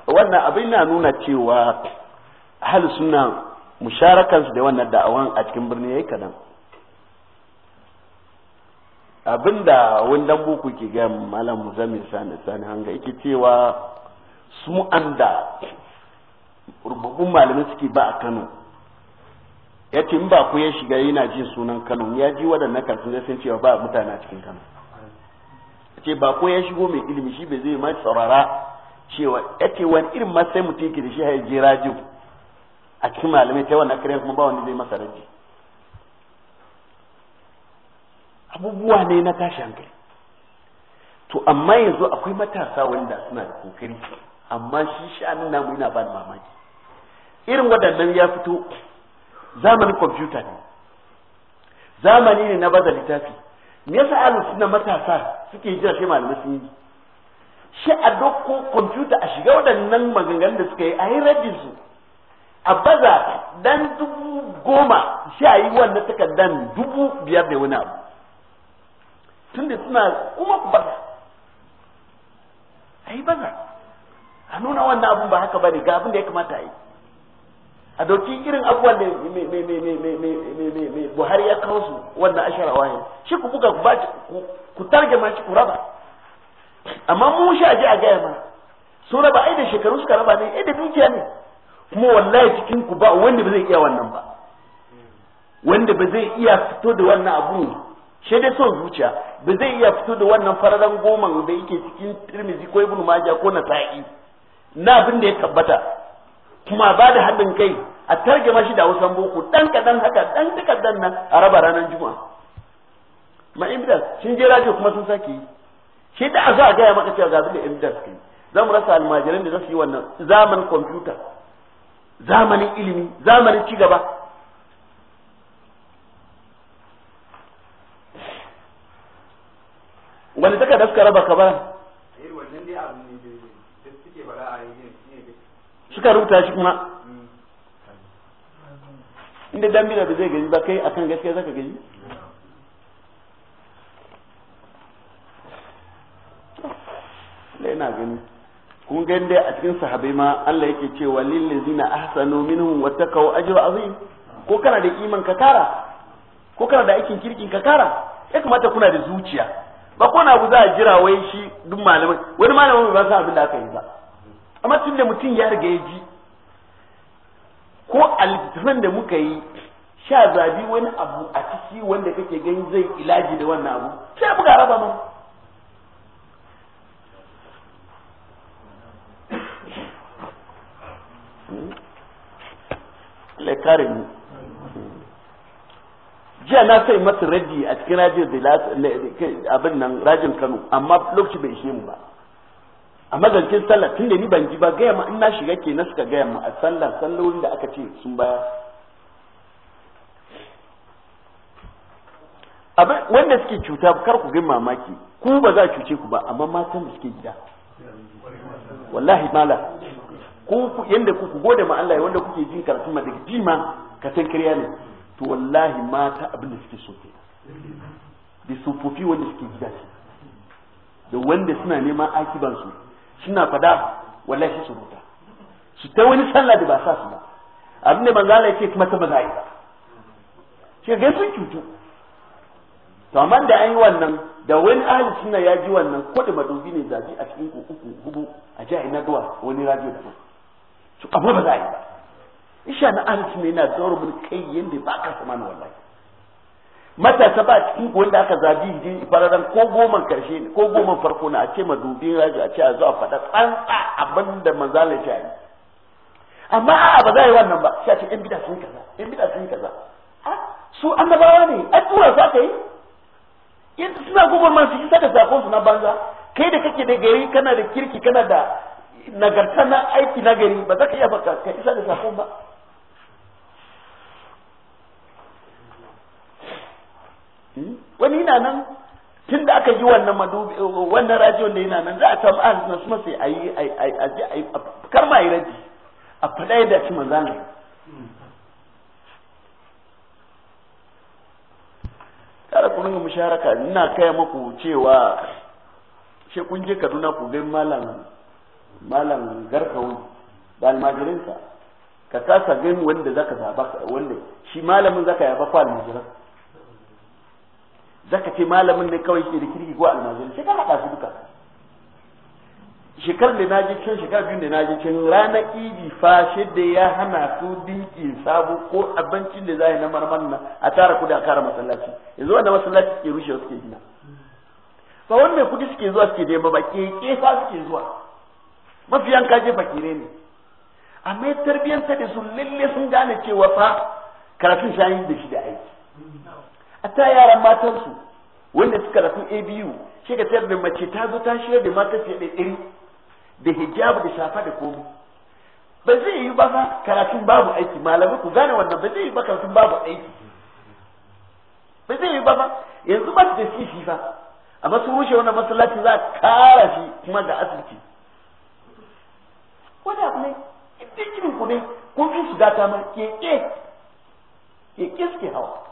S1: wannan abin na nuna cewa hal suna musharakansu da wannan da'awan a cikin birni yi kadan abin da dan buku ke ga malam muzammil sani sani hanga yake cewa su an da rububun malamai suke ba a Kano ya ce in ba ku ya shiga yana ji sunan kano ya ji waɗannan kasu ya san cewa ba mutane a cikin kano ya ce ba ku ya shigo mai ilimi shi bai zai ma tsarara cewa ya ce wani irin masai mutum yake da shi ya jera rajin a cikin malamai ta wannan kare kuma ba wani zai masa raji abubuwa ne na tashi hankali to amma yanzu akwai matasa wanda suna da kokari amma shi sha'anin namu yana ba da mamaki irin waɗannan ya fito zamanin kwamfuta ne zamani ne na baza littafi me yasa alu na matasa suke jira sai malamai sun yi shi a dokko kwamfuta a shiga waɗannan maganganun da suka yi a yi rabin su a baza dan dubu goma shi a yi wannan takardar dubu biyar da wani abu da suna kuma ku baza a yi baza a nuna wannan abun ba haka ba ne ga abin da ya kamata a yi a dauki irin abubuwan da buhari ya kawo su wannan shara wahayi shi ku buga ku ma shi ku raba amma mu shi ji a gaya ma sun raba ai da shekaru suka raba ne ai da dukiya ne kuma wallahi cikin ku ba wanda ba zai iya wannan ba wanda ba zai iya fito da wannan abu shi dai son zuciya ba zai iya fito da wannan fararen goma da yake cikin tirmizi ko ibnu majah ko nasa'i na abin da ya tabbata kuma ba da haɗin kai a targama shi da hausan boko dan kaɗan haka dan ɗan nan a raba ranar juma'a ma sun je radio kuma sun sake yi shi da a zuwa a gaya maka cewa ga da imdal suka yi za mu rasa almajiran da za su yi wannan zamanin kwamfuta zamanin ilimi zamanin cigaba wani takarda suka raba ka ba
S2: suka rubuta shi kuma
S1: inda dan da zai gaji ba kai akan gaskiya zaka gaji da ina gani kun ga dai a cikin sahabbai ma Allah yake cewa lil ladzina ahsanu minhum wattaqu ajra azim ko kana da iman ka kara ko kana da aikin kirkin ka kara ya kamata kuna da zuciya ba ko na ku za a jira wai shi duk malamin wani malamin ba sa abin da aka yi ba amma tun da mutum ya riga ya ji ko alfitan da muka yi sha zabi wani abu a ciki wanda kake gani zai ilaji da wannan abu sai buga raba mu lekare mu jiya na sai masa raddi a cikin rajin abin nan rajin kano amma lokaci bai ishe mu ba A zancen sallah tun da ni ban ji ba gaya ma in na shiga ke na suka gaya ma a sallah sallolin da aka ce sun baya wanda suke cuta kar ku ga mamaki ku ba za a cuce ku ba amma matan da suke gida
S2: wallahi mala
S1: ku yanda ku ku gode ma Allah wanda kuke jin karatu ma daga jima ka san kariya ne to wallahi mata abin da suke so ke da sufofi wanda suke gida da wanda suna neman akiban su suna fada wallahi su rubuta su ta wani sallah da ba sa su ba abin da manzo Allah yake kuma ta ba yi ba shi ga sun cutu to amma da an yi wannan da wani ahli sunna ya ji wannan ko da madubi ne zaji a cikin ku uku hudu a jiha ina wani radio da su abu ba za yi ba isha na ahli sunna yana tsoro mun kai yanda ba ka sama na wallahi matasa ba cikin wanda aka zabi ji fararen ko goma karshe ne ko goma farko na a ce ma dubin raji a ce a zuwa a faɗa tsantsa abin da manzala ya yi amma a ba za a yi wannan ba sai a ce yan bida sun kaza yan bida sun kaza su annabawa ne a tura za ka yi in suna goma man su isa da sakon su na banza kai da kake da gari kana da kirki kana da nagarta na aiki na gari ba za ka iya baka ka isa da sakon ba wani yana nan tun da aka ji wannan madubi wannan rajiyon da yana nan za a samu ahli sunna kuma sai ayi a kar ma yi raji a faɗa yadda ci manzan ne kada ku ringa musharaka ina kai maku cewa shi kun je Kaduna ku ga malam malam garkawu da almajirinsa ka kasa gani wanda zaka zaba wanda shi malamin zaka yaba fa almajirinsa zaka ce malamin ne kawai ke da kirki ko almajiri sai ka haɗa su duka shekar da na je can shekar biyu da na je can ranar idi fa da ya hana su dinki sabo ko abincin da za na marmar na a tara kudi a kara masallaci yanzu wanda masallaci suke rushe suke gina ba wanda kudi suke zuwa suke da ba keke fa suke zuwa mafiyan kaje fakire ne amma tarbiyyanta da su lalle sun gane cewa fa karatun shayin da shi da hatta yaran matansu wanda suka rafi abu shi ga sayar da mace ta zo ta shirya da matan fiye da iri da hijab da shafa da komi ba zai yi ba fa karatun babu aiki malamai ku gane wannan ba zai yi ba karatun babu aiki ba zai yi ba fa yanzu ba su da sisi fa amma su rushe wannan masallaci za a kara shi kuma ga asibiti wani abu ne idan irin ku ne kun fi su gata ma ke keke suke hawa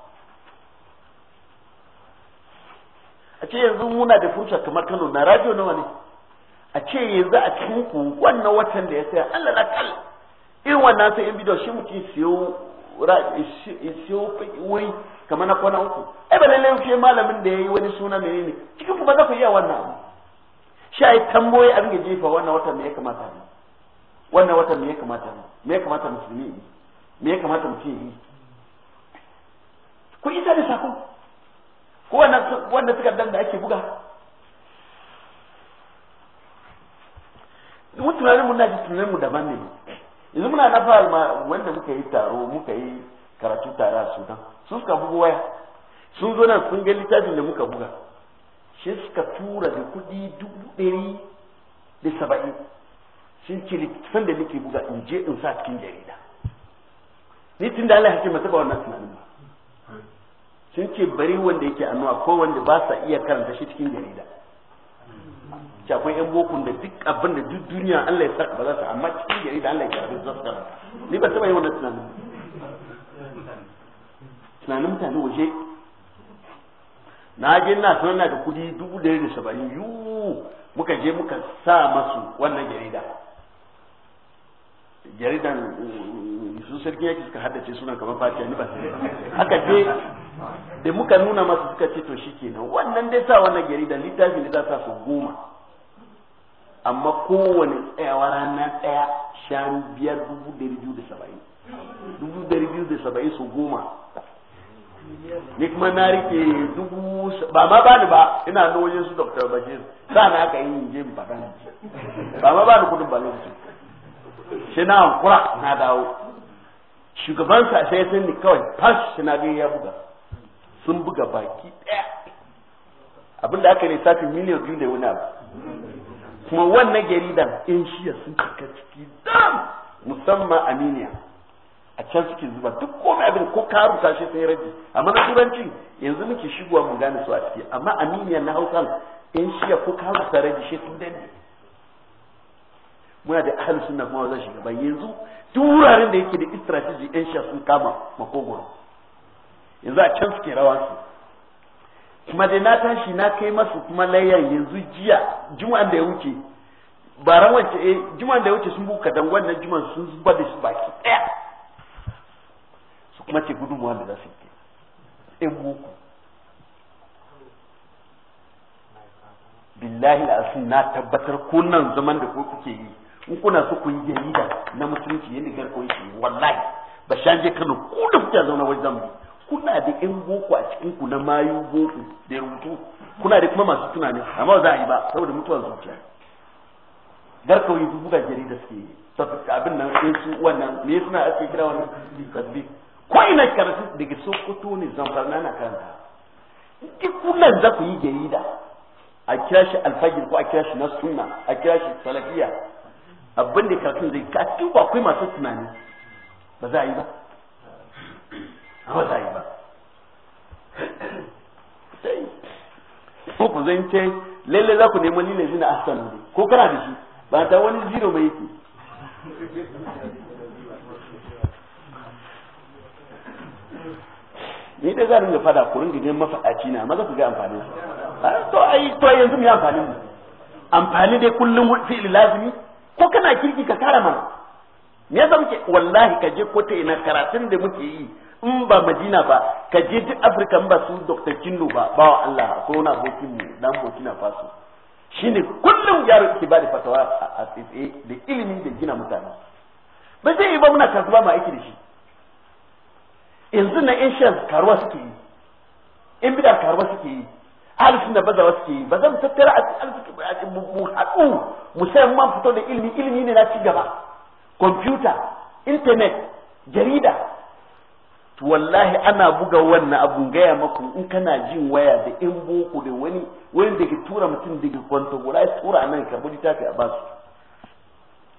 S1: a ce yanzu muna da furta kamar Kano na radio nawa ne a ce yanzu a cikin ku wannan watan da ya saya Allah na kal irin wannan sai in bidiyo shi muke siyo siyo wuri kamar na kwana uku ai ba lallai ke malamin da yayi wani suna ne cikin ku ba za ku iya wannan abu shi ai tamboyi a ringa jefa wannan watan me ya kamata ne wannan watan me ya kamata ne me ya kamata musulmi ne me ya kamata mutum yi ku isa da sako ko wanda dan da ake buga mu tunanin mun na ji tunanin mu daban ne yanzu muna na fara ma wanda muka yi taro muka yi karatu tare a Sudan sun suka bugu waya sun zo nan sun ga littafin da muka buga shi suka tura da kuɗi dubu ɗari da saba'in sun ce littafin da nake buga in je in sa cikin jarida ni tun da Allah ya ce masu ba wannan tunanin ba sun ce bari wanda yake annuwa ko wanda ba sa iya karanta shi cikin jarida ce akwai yan bokun da duk abin da duk duniya Allah ya sa ba za su amma cikin jarida Allah ya karanta za su karanta ni ba taba yi wannan tunanin tunanin mutane waje na je na sanar da kudi dubu ɗari da saba'in yu muka je muka sa masu wannan jarida jaridan mm, mm, mm, sun sarki yaki suka haddace suna kamar fatiya ni ba haka je da muka nuna masu suka ce to shi kenan wannan dai sa wannan gari da littafi ne za ta su goma amma kowane tsayawa rana ɗaya shanu biyar dubu ɗari biyu da saba'in dubu ɗari biyu da saba'in su goma ni kuma na rike dubu ba ma ba ni ba ina da wajen su dr bashir sa na aka yi je jin faɗa ba ma ba ni kudin ba lokaci shi na hankura na dawo shugabansa sai ya ni kawai fas shi na ya buga sun buga baki ɗaya abinda aka lissafi miliyan biyu da wani abu kuma wannan jaridan in shiya sun cika ciki dam musamman aminiya a can suke zuba duk komai abin ko ka rubuta shi sai raji amma na turanci yanzu muke shigowa mu gane su a ciki amma aminiya na hausa in shiya ko ka rubuta raji shi sun danne muna da ahalus sunna kuma zan shiga ba yanzu duk wuraren da yake da strategy in shiya sun kama makogoro yanzu a can suke rawa su kuma dai na tashi na kai masu kuma layar yanzu jiya juma'an da ya wuce baran wacce eh juma'an da ya wuce sun buka dangon na juma'an sun zuba da su baki daya su kuma ce gudun da za su yi in buku. billahi al'asin na tabbatar ko nan zaman da ko kuke yi in kuna so ku yi jarida na musulunci yadda garkon shi wallahi ba shan je kano ko da kuke zauna wajen mu kuna da yan boko a cikin ku na mayu boko da rubutu kuna da kuma masu tunani amma ba za a yi ba saboda mutuwar zuciya yi buga jarida suke yi abin nan sai su wannan me suna ake kira wannan kasbi ko ina karatu daga sokoto ne zamfar na karanta duk kullum za ku yi jarida a kira shi alfajir ko a kira shi na sunna a kira shi salafiya abin da karatun zai ka tuba akwai masu tunani ba za a yi ba ba za yi ba sai ko ku zance lalle za ku nemi lilin zina ahsan ne ko kana da shi ba ta wani zero mai yake ni dai za ringa fada ku ringa neman mafaɗaci na maza ku ga amfani su to ai to yanzu mu yi amfanin mu amfani dai kullum fi'il lazimi ko kana kirki ka kara mana me yasa muke wallahi ka je ko ta ina karatun da muke yi in ba madina ba ka je duk afirka ba su dr kinno ba ba wa allah a na abokin mu dan su shi shine kullum yaro ke ba da fatawa a tsaye da ilimin da gina mutane ba zai yi ba muna kasuwa ma aiki da shi yanzu na yan shan karuwa suke yi yan bida karuwa suke yi alifin na bazawa suke yi ba zan tattara a mu haɗu musamman fito da ilimi ilimi ne na ci gaba kwamfuta intanet jarida wallahi ana buga wannan abun gaya maku in kana jin waya da in boko da wani wani da ke tura mutum daga kwanta gura ya tura nan ka bari ta kai a basu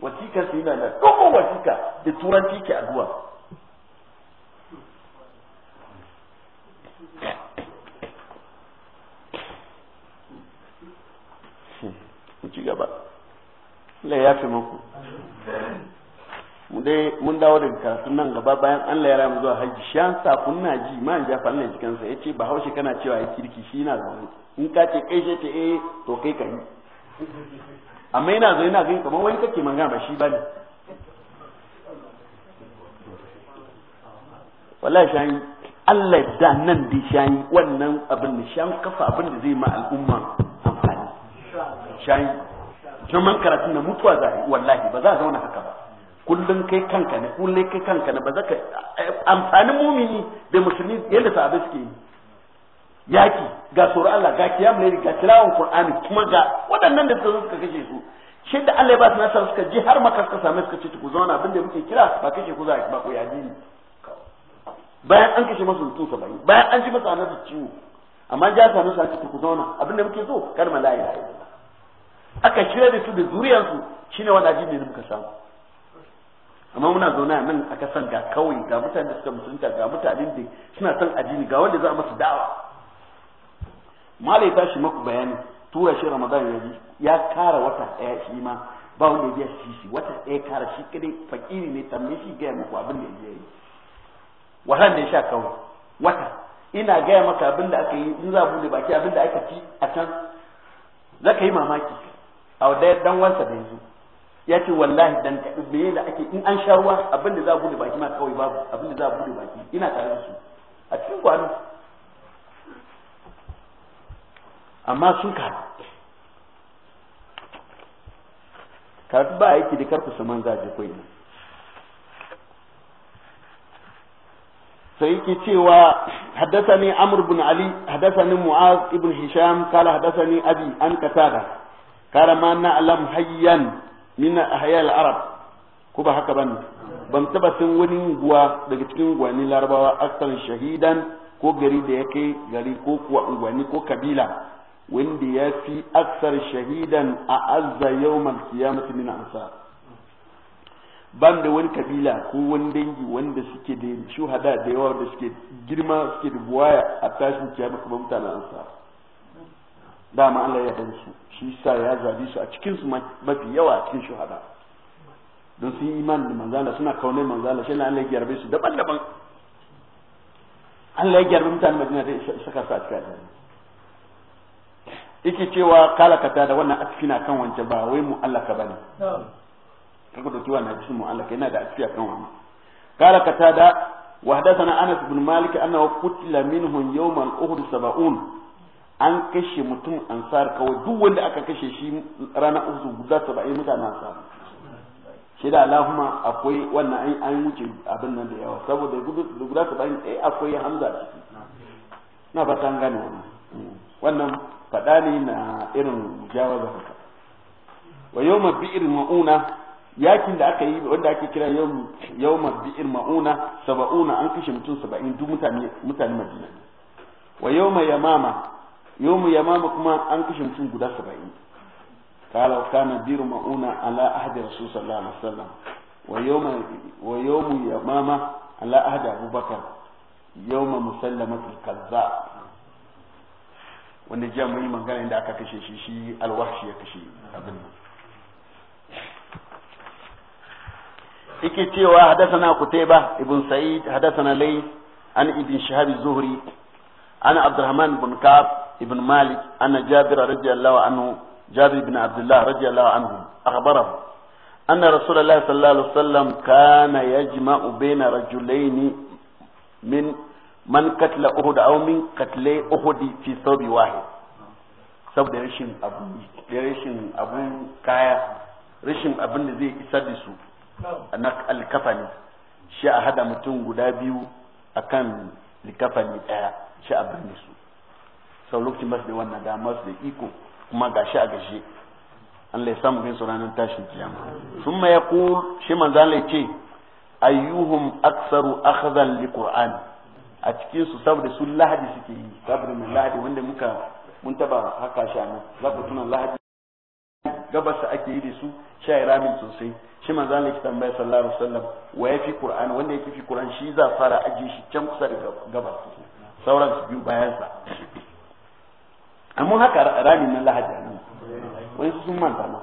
S1: wasika sai yana nan dogon wasika da turanci ke addu'a hmm, ci gaba Allah ya fi muku mu dai mun dawo daga karatun nan gaba bayan Allah ya mu zuwa haji shan kun na ji man jafar Allah jikan sa yace ba haushe kana cewa ya kirki shi na zaune in ka ce kai sai ce eh to kai ka yi amma ina zo yana gani kamar wani kake magana ba shi bane wallahi shayi Allah da nan da shayi wannan abin da shan kafa abin da zai ma al'umma amfani shayi don man karatun na mutuwa zai wallahi ba za a zauna haka ba kullum kai kanka ne kullum kai kanka ne ba za ka amfani mumini da musulmi yadda sahabbai suke yi yaki ga tsoron Allah ga kiyam ne ga tilawon Qur'ani kuma ga waɗannan da suka zo suka kashe su shi da Allah ya ba su nasar suka ji har maka same suka ce ku zauna abin da muke kira ba kashe ku za ba ku yaji ne bayan an kashe masu mutum saba'in bayan an ji masu annabi ciwo amma ja sami su ce ku zauna abin da muke so kar ma la ilaha aka shirya da su da zuriyarsu shine wannan ajin da muka samu amma muna zaune a nan a kasan ga kawai ga mutane da suka musulunta ga mutanen da suna son addini ga wanda za a masa da'awa malai tashi maku bayani tura shi ramadan ya ji ya kara wata ɗaya shi ma ba wanda ya biya shi shi wata ɗaya kara shi kadai fakiri ne tambaye shi gaya muku abin da ya yi watan da ya sha kawai wata ina gaya maka abin da aka yi in za a bude baki abin da aka ci a can za ka yi mamaki a wadda dan wansa da yanzu ya ce wallahi dan me da ake in an sha ruwa abin da za a bude baki ma kawai babu abin da za a bude baki ina tare da su a cikin kwano amma sun ka karatu ba yake da karku saman zaje kawai ne sai yake cewa haddathani amr ibn ali haddathani mu'az ibn hisham kala haddathani abi an katada kala ma na alam hayyan mina a hayal arab ko ba haka bane ban taba sun wani unguwa daga cikin unguwanni larabawa aksan shahidan ko gari da ya kai gari ko kuwa unguwanni ko kabila wanda ya fi aksar shahidan a azza yawmal kiyamati min ansar ban da wani kabila ko wani dangi wanda suke da shuhada da yawa da suke girma suke da buwaya a tashin kiyama kuma mutanen ansar dama Allah ya dan su shi sa ya zabi su a cikin su mafi yawa a cikin shuhada don sun iman imani da manzala suna kaune manzala shi Allah ya yarbe su daban-daban Allah ya yarbe mutanen Madina da saka su a cikin aljanna yake cewa kala kata da wannan atfi na kan wance ba wai mu'allaka bane kaka dauki wannan atfi mu'allaka yana da atfi kan wannan kala kata da وحدثنا انس بن مالك انه قتل منهم يوم الاحد سبعون an kashe mutum ansar kawai duk wanda aka kashe shi ranar uzu guda saba'in mutane ansar shi da alahuma akwai wannan an wuce abin nan da yawa saboda guda saba'in ɗaya eh, akwai hamza da na fatan gane wannan wannan faɗa ne na irin da haka wa yau bi'r ma'una yakin da aka yi wanda ake kira yau bi'r ma'una saba'una an kashe mutum saba'in duk mutane mutane madina wa yau yamama يوم yamama kuma an kashe mutum guda 70 kala kana diru mauna ala ahdi rasul الله alaihi wasallam wa yawma wa yawmu yamama ala ahdi abubakar yawma musallamatul wanda jiya mun yi magana inda aka kashe shi shi alwashi ya kashe abin nan yake cewa hadathana kutaiba ibn sa'id hadathana lay an ibn shahab az-zuhri ana abdurrahman bin ka'ab malik ana jabir radiyallahu anhu jabir bin abdullah radiyallahu anhu akhbarahu anna rasulullahi sallallahu alaihi wasallam kana yajma'u baina rajulaini min man katla uhud aw min katle uhud fi thawbi saboda rashin abun kaya rashin abin da zai isa da su na alkafani shi a hada mutum guda biyu akan likafani ɗaya. shi a birni su sau lokacin ba su da wannan dama su da iko kuma ga shi a gashi Allah ya samu kinsu ranar tashin kiyama sun ma ya shi manzo Allah ya ce ayyuhum aksaru akhzan li qur'an a cikin su saboda su lahadi suke yi saboda mai lahadi wanda muka mun taba haka shi nan za ku tuna lahadi gabas ake yi da su sha ramin sosai shi manzo Allah ya tambaya sallallahu alaihi wasallam wa yafi qur'an wanda yake fi qur'an shi za fara aje shi can kusa da gabas sosai sauran su biyu bayansa amma haka rami na lahadi a nan wani sun manta ma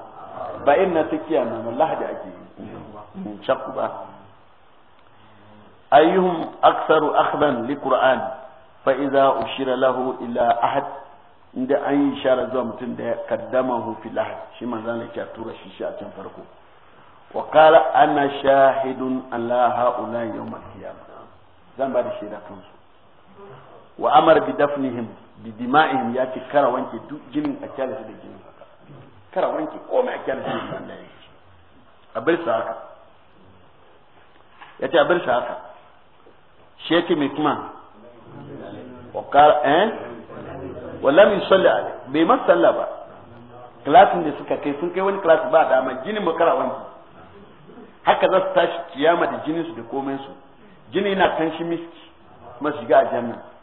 S1: ba in na tsakiya na lahadi ake yi shakku ba ayyuhum aksaru akhdan li qur'an fa idza ushira lahu ila ahad inda an yi shara zuwa mutum da ya kaddama hu fi lahad shi manzan da ke tura shi shi a can farko wa qala ana shahidun ala haula yawm al-qiyamah zan ba da shaida kansu wa amar bi dafnihim bi dima'ihim ya ce kara wanke duk jinin a kyalisi da jinin haka kara wanke komai a kyalisi da jinin da a bar sa haka ya ce a bar sa haka sheki mai kuma wa kara eh wala min salli bai ma salla ba klasin da suka kai sun kai wani klas ba dama jinin ba kara wanke haka za su tashi kiyama da jininsu da komai su jini na kanshi miski kuma shiga a jannan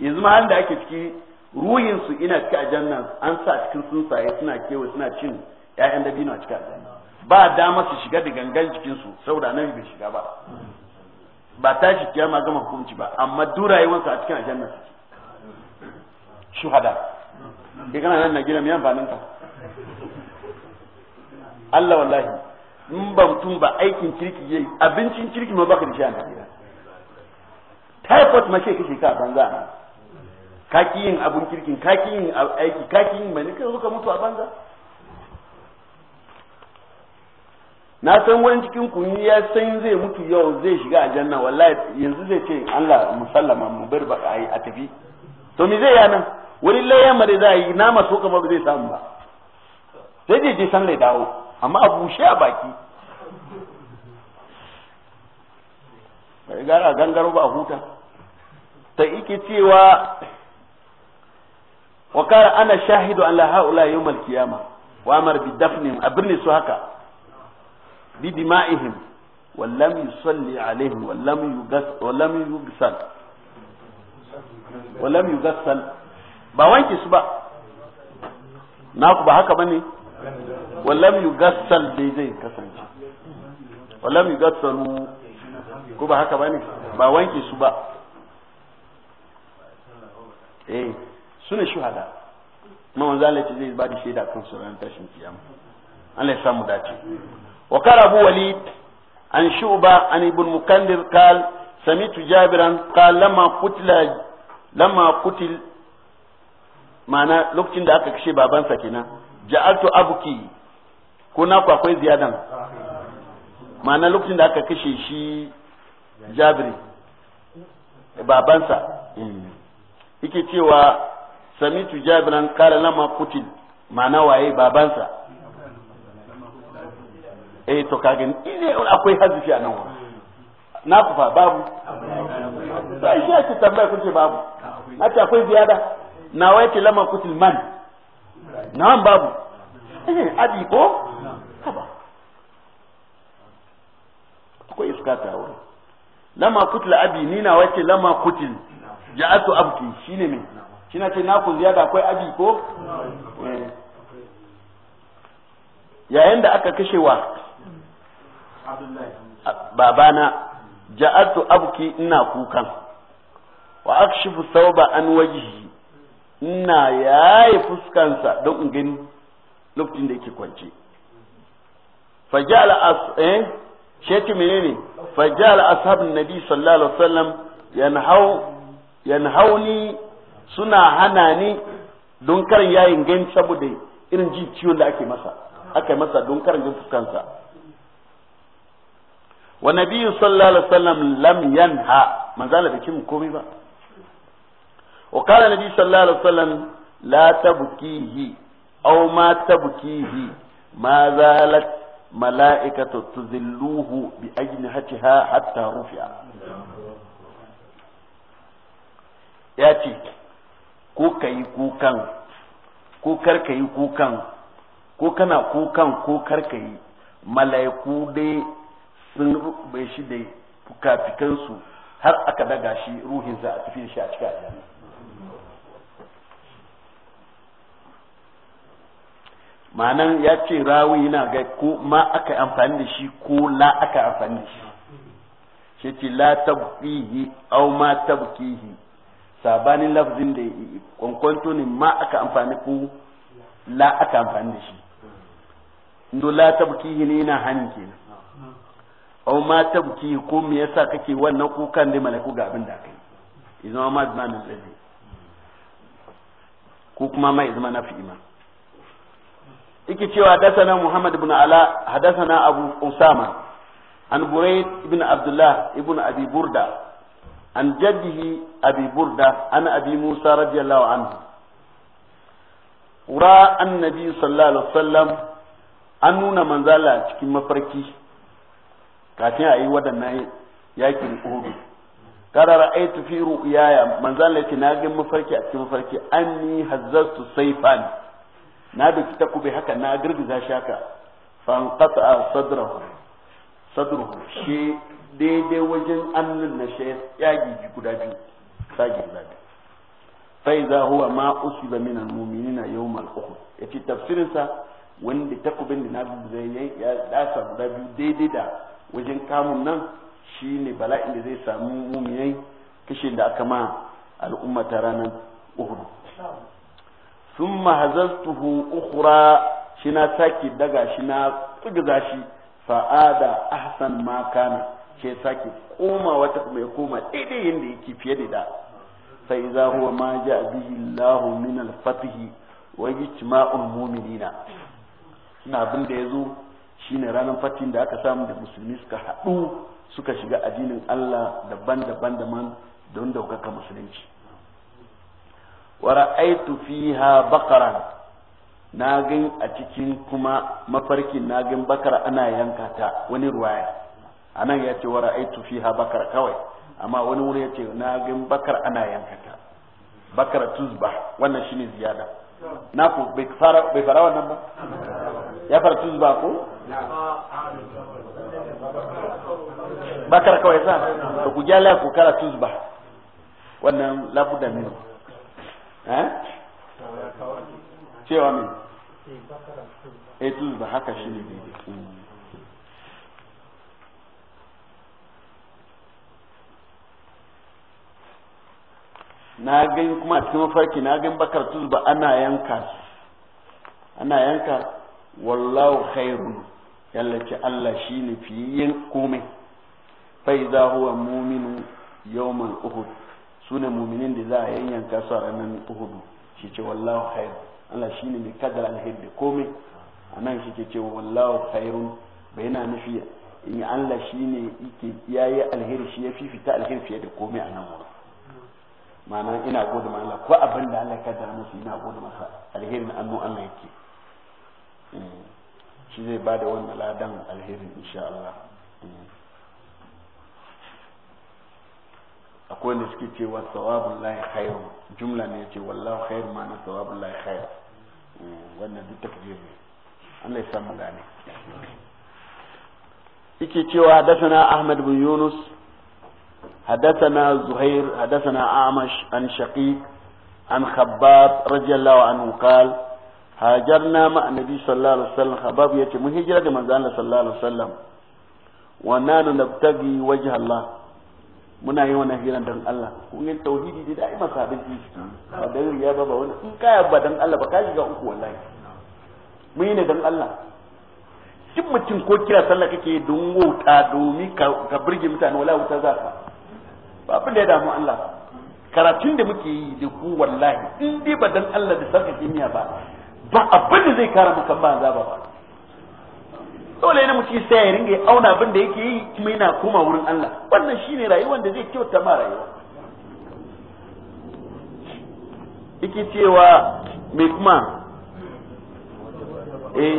S1: yanzu ma da ake ciki ruhin su ina ciki janna an sa cikin tsuntsaye suna kewa suna cin ƴaƴan dabino a cikin aljanna ba dama su shiga da gangan jikinsu su saboda nan bai shiga ba ba tashi kiyama gama hukunci ba amma durayewar su a cikin aljanna
S2: suke
S1: shuhada ke kana nan na gida me amfanin ka Allah wallahi in ba mutum ba aikin kirki yayi abincin kirki ma baka da shi a Najeriya typhoid ma ke kake ka banza a ka yin abun kirkin ka yin aiki ka yin mai nika zuka mutu a banza na san wani cikin kunyi ya san zai mutu yau zai shiga janna wallahi yanzu zai ce Allah musallama mu bar ba a tafi to me zai yana wani layan mare za yi nama so kamar zai samu ba sai je je san lai dawo amma a bushe a baki bai gara gangaro ba a huta ta ike cewa wa kara ana shahidu ala haula yawmal qiyama wa amar bi dafnihim abirni su haka bi dima'ihim wa lam yusalli alaihim ba wanke su ba
S2: naku ba haka bane
S1: wa lam dai zai kasance wa lam ko ba haka bane ba wanke su ba eh sune shuhada ma manzo Allah ce zai ba da shaida kan su ran tashin kiyama Allah ya samu dace wa kara abu walid an shuba an ibn mukandir kal samitu jabiran kal lama kutila lama kutil ma'ana lokacin da aka kashe babansa kenan ja'altu abuki ko na ku akwai ziyadan
S2: ma'ana lokacin da aka
S1: kashe shi jabiri babansa eh, yake cewa samitu jabiran kala lama kutil ma'ana waye babansa eh to kage ne akwai hazifi a nan wurin na kufa babu sai shi ake tambaya kun ce babu na ce akwai ziyada na waye ce lama kutil man na babu eh abi ko haba akwai iska ta wurin lama kutil abi ni na wace lama kutil ja'atu abki shine me ce na ce naku ziyada akwai abi ko eh. yayin da aka kashe wa babana ja'atu abki ina kukan wa akshifu sauba an wajihi ina yaye fuskansa don in gani lokacin da yake kwance fajal as eh sheki menene fajal ashabun nabi sallallahu alaihi wasallam yanhau yanhauni suna hana ni don karin yayin gani saboda irin ji ciwon da ake masa aka masa don karin jin fuskansa wa nabiyyu sallallahu alaihi wasallam lam yanha manzala bai ce komai ba wa qala nabi sallallahu alaihi wasallam la tabkihi aw ma tabkihi ma zalat mala'ikatu tuzilluhu bi ajnihatiha hatta rufi'a ya ce ko ka yi kukan ko kar ka yi kukan ko kana kukan ko kar ka yi mala'iku dai sun rubbe shi da fukafikansu har aka daga shi ruhin za a tafi shi a cikin aljanna ma'anan ya ce rawi yana ga ko ma aka amfani da shi ko la aka amfani da shi shi ce la tabbihi au ma tabkihi sabanin lafzin da kwankwanto ne ma aka amfani ko la aka amfani da shi ndo la tabkihi ne yana hanin kenan aw ma tabki ko me yasa kake wannan kukan da malaku ga abin da kai idan ma zama nan tsaye ko kuma ma izma na fi ima yake cewa dasana muhammad ibn ala hadathana abu usama an burayd ibn abdullah ibn abi burda an jaddihi abi burda an abi musa radiyallahu anhu ra annabi sallallahu alaihi wasallam an nuna manzala cikin mafarki kafin a yi waɗannan yakin uhudu kada ra'aytu fi ru'yaya manzala yake na ga mafarki a cikin mafarki anni hazzastu sayfan na doki takubi haka na girgiza shaka fan qata'a sadrahu sadruhu shi daidai wajen annun na ya yagi guda biyu sagi guda biyu sai za huwa ma usiba min almu'minina yawm al ya yace tafsirin sa wanda takubin da na zai ya dasa guda biyu daidai da wajen kamun nan shi ne bala'in da zai samu mu'minai kashin da aka ma al'umma ta ranar uhud sun mahazastuhu ukhra shi na sake daga shi na tsugiza shi fa'ada ahsan ma kana Ke sake koma wata kuma koma daidai yadda yake fiye da da sai za huwa ma ja bihi Allahu min al-fatih wa ijma'ul mu'minina ina abin da yazo shine ranar fatin da aka samu da musulmi suka hadu suka shiga addinin Allah daban-daban da man don daukaka musulunci wa ra'aytu fiha baqaran na gan a cikin kuma mafarkin na gan bakara ana yanka ta wani ruwaya anan ya ce wa ra'aitu fiha bakar kawai amma wani wuri ya ce na ga bakar ana yanka ta bakar tuzba wannan shine ziyada na ku bai fara bai fara wannan ba ya fara tuzba ko
S2: bakar kawai sa to ku gyala ku
S1: kara tuzba wannan labuda min eh cewa min eh tuzba haka shine daidai mm. na gani kuma a cikin mafarki na gani bakar tuz ba ana yanka su ana yanka wallahu khairun yallace Allah shi shine fiyin komai fai za huwa mu'minu yawmal uhud ne mu'minin da za a yanyanka su a ranar uhudu shi ce wallahu khairun Allah ne mai kadar alheri da komai anan shi ke ce wallahu khairun bai yana nufi in Allah shi ne yake yayi alheri shi ya fifita alheri fiye da komai a nan wurin ma'ana ina gode ma ko abin da Allah ya kaddara musu ina gode masa alherin annu Allah yake eh, shi zai bada wannan ladan alherin insha Allah eh. akwai wanda suke cewa sawabun lahi khairu jumla ne yace wallahu khairu ma'ana sawabun lahi khairu eh, wannan duk takdir ne Allah ya samu gane yake cewa hadathana Ahmad bin Yunus حدثنا زهير حدثنا أعمش عن شقيق عن خباب رضي الله عنه قال هاجرنا مع النبي صلى الله عليه وسلم خباب يتي من هجرة من صلى الله عليه وسلم ونحن نبتغي وجه الله muna yi wannan hiran dan Allah kun yin tauhidi da dai masa da shi ba da riya ba ba in kaya ba dan Allah ba ka wallahi mun yi dan duk mutum ko kira sallah kake don wauta domin ka burge mutane wala wuta za ka ba abin da ya damu Allah ba karatun da muke yi da ku wallahi in dai ba dan Allah da sarka kimiyya ba ba abin da zai kara maka ba za ba dole ne mutum sai ya ringa auna abin da yake yi kuma yana koma wurin Allah wannan shine rayuwar da zai kyauta ma rayuwa yake cewa me kuma eh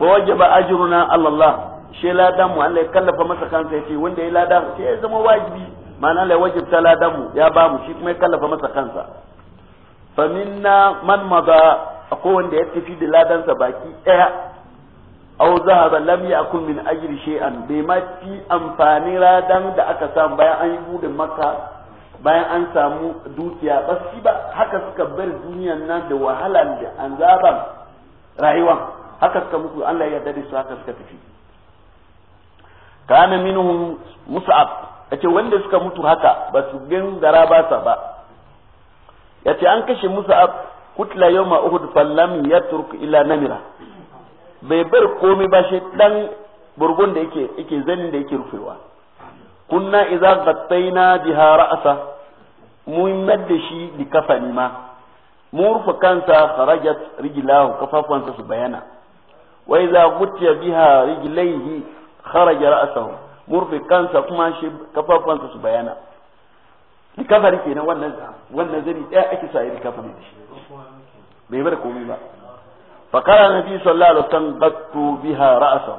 S1: fa wajaba ajruna Allah shi ladan mu Allah ya kallafa masa kansa yace wanda ya lada sai ya zama wajibi ma'ana la wajibta ladamu ya ba mu shi kuma ya kallafa masa kansa fa minna man maza akwai wanda ya tafi da ladansa baki daya aw zahaba lam yakun min ajri shay'an bai ma fi amfani ladan da aka samu bayan an yi makka bayan an samu dukiya ba shi ba haka suka bar duniyan nan da wahalan da an rayuwa haka suka mutu Allah ya yarda da su haka suka tafi kana minhum mus'ab yace wanda suka mutu haka ba su gan ba sa ba yace an kashe musu a kutla ma Uhud fallam yatruk ila namira bai bar komai ba shi dan burgun da yake yake zanin da yake rufewa kunna idza ghattaina biha ra'sa mun da shi di kafani ma mun rufe kansa kharajat rijlahu kafafuwansa su bayana wa idza ghutiya biha rijlaihi kharaja ra'sahu murfe kansa kuma shi kafafuwansa su bayana likafari kenan wannan wannan zari ɗaya ake sa yi kafari da shi bai bar komai ba fakara na fi sallallahu alaihi wasallam gattu biha ra'asa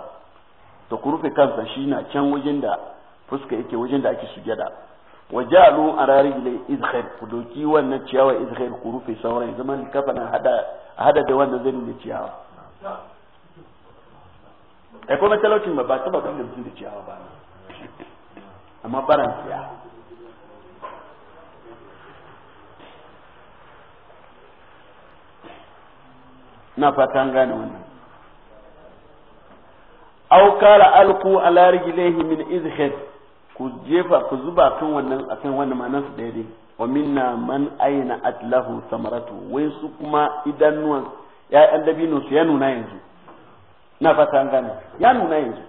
S1: to ku rufe kansa shi na can wajen da fuska yake wajen da ake sujada wajalu ararigile izhar ku doki wannan ciyawa izhar ku rufe sauran zaman kafanin hada hada da wannan zani da ciyawa ai kuma talaucin ba ba taba kan da ciyawa ba amma baran siya na fatan gane wannan au kala alku ala rijlihi min izhir ku jefa ku zuba kan wannan akan wannan manan su daidai wa minna man aina atlahu samaratu wai su kuma idanuwan ya'yan dabino su ya nuna yanzu na fata gane ya nuna yanzu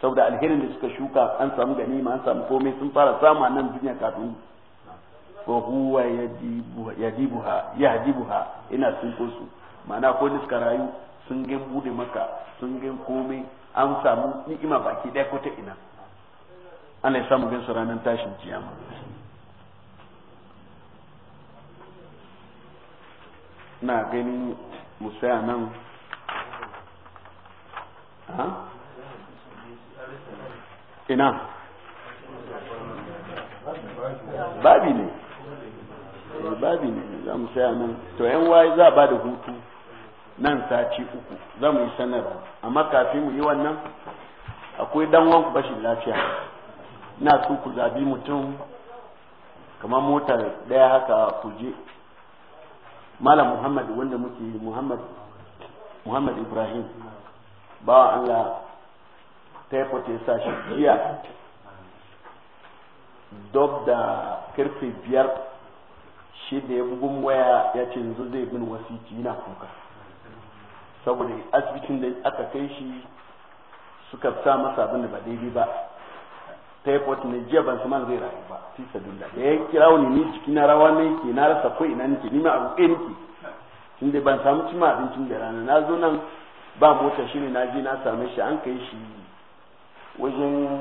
S1: saboda alherin da suka shuka an samu ganima an samu komai sun fara samu nan duniya kafin fa huwa yadibuha yahdibuha ina tsinko su ma'ana ko da suka rayu sun gan bude maka sun gan komai an samu ni'ima baki ɗaya ko ta ina ana ya samu gan su ranar tashin kiyama na ganin musaya nan ha ina babi ne eh, babi ne za mu saya nan to yan waye za ba da hutu nan sati uku za mu yi sanarwa amma kafin mu yi wannan akwai dan ku bashin lafiya na so ku zabi mutum kamar mota daya haka ku je malam muhammad wanda muke muhammad muhammad ibrahim ba allah typhoid ya sa shi jiya dok da karfe biyar shi da ya bugun waya ya ce yanzu zai bin wasiki yana kuka saboda asibitin da aka kai shi suka sa masa abin da ba daidai ba typhoid ne jiya ban saman zai rayu ba fi sabilla da ya kira wani ni jiki na rawa ne ke na rasa ko ina nake ni ma a ruɗe nake tunda ban samu cima abincin da rana na zo nan ba mota shi ne na je na same shi an kai shi wajen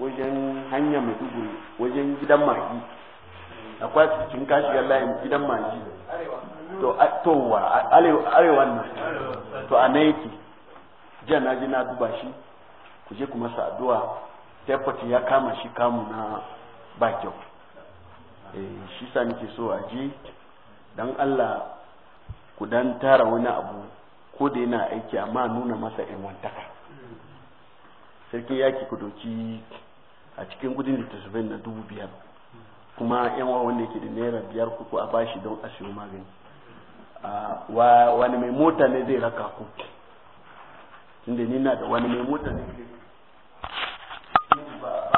S1: wajen hanya mai duguri wajen gidan magi akwai cikin kashi layin gidan magi to towa arewa nan to a naiki yake jiya na ji na duba shi ku je kuma sa addu'a taifot ya kama shi kamu na ba kyau eh, shi sa nake so a je dan Allah ku dan tara wani abu ko da yana aiki amma nuna masa in wantaka sarki ya ku kudoci a cikin gudun littattafai na dubu biyar kuma yan wa wanda yake da naira biyar kuku a bashi don a siyo magani wani mai mota ne zai raka ku tunda ni na da wani mai mota ne zai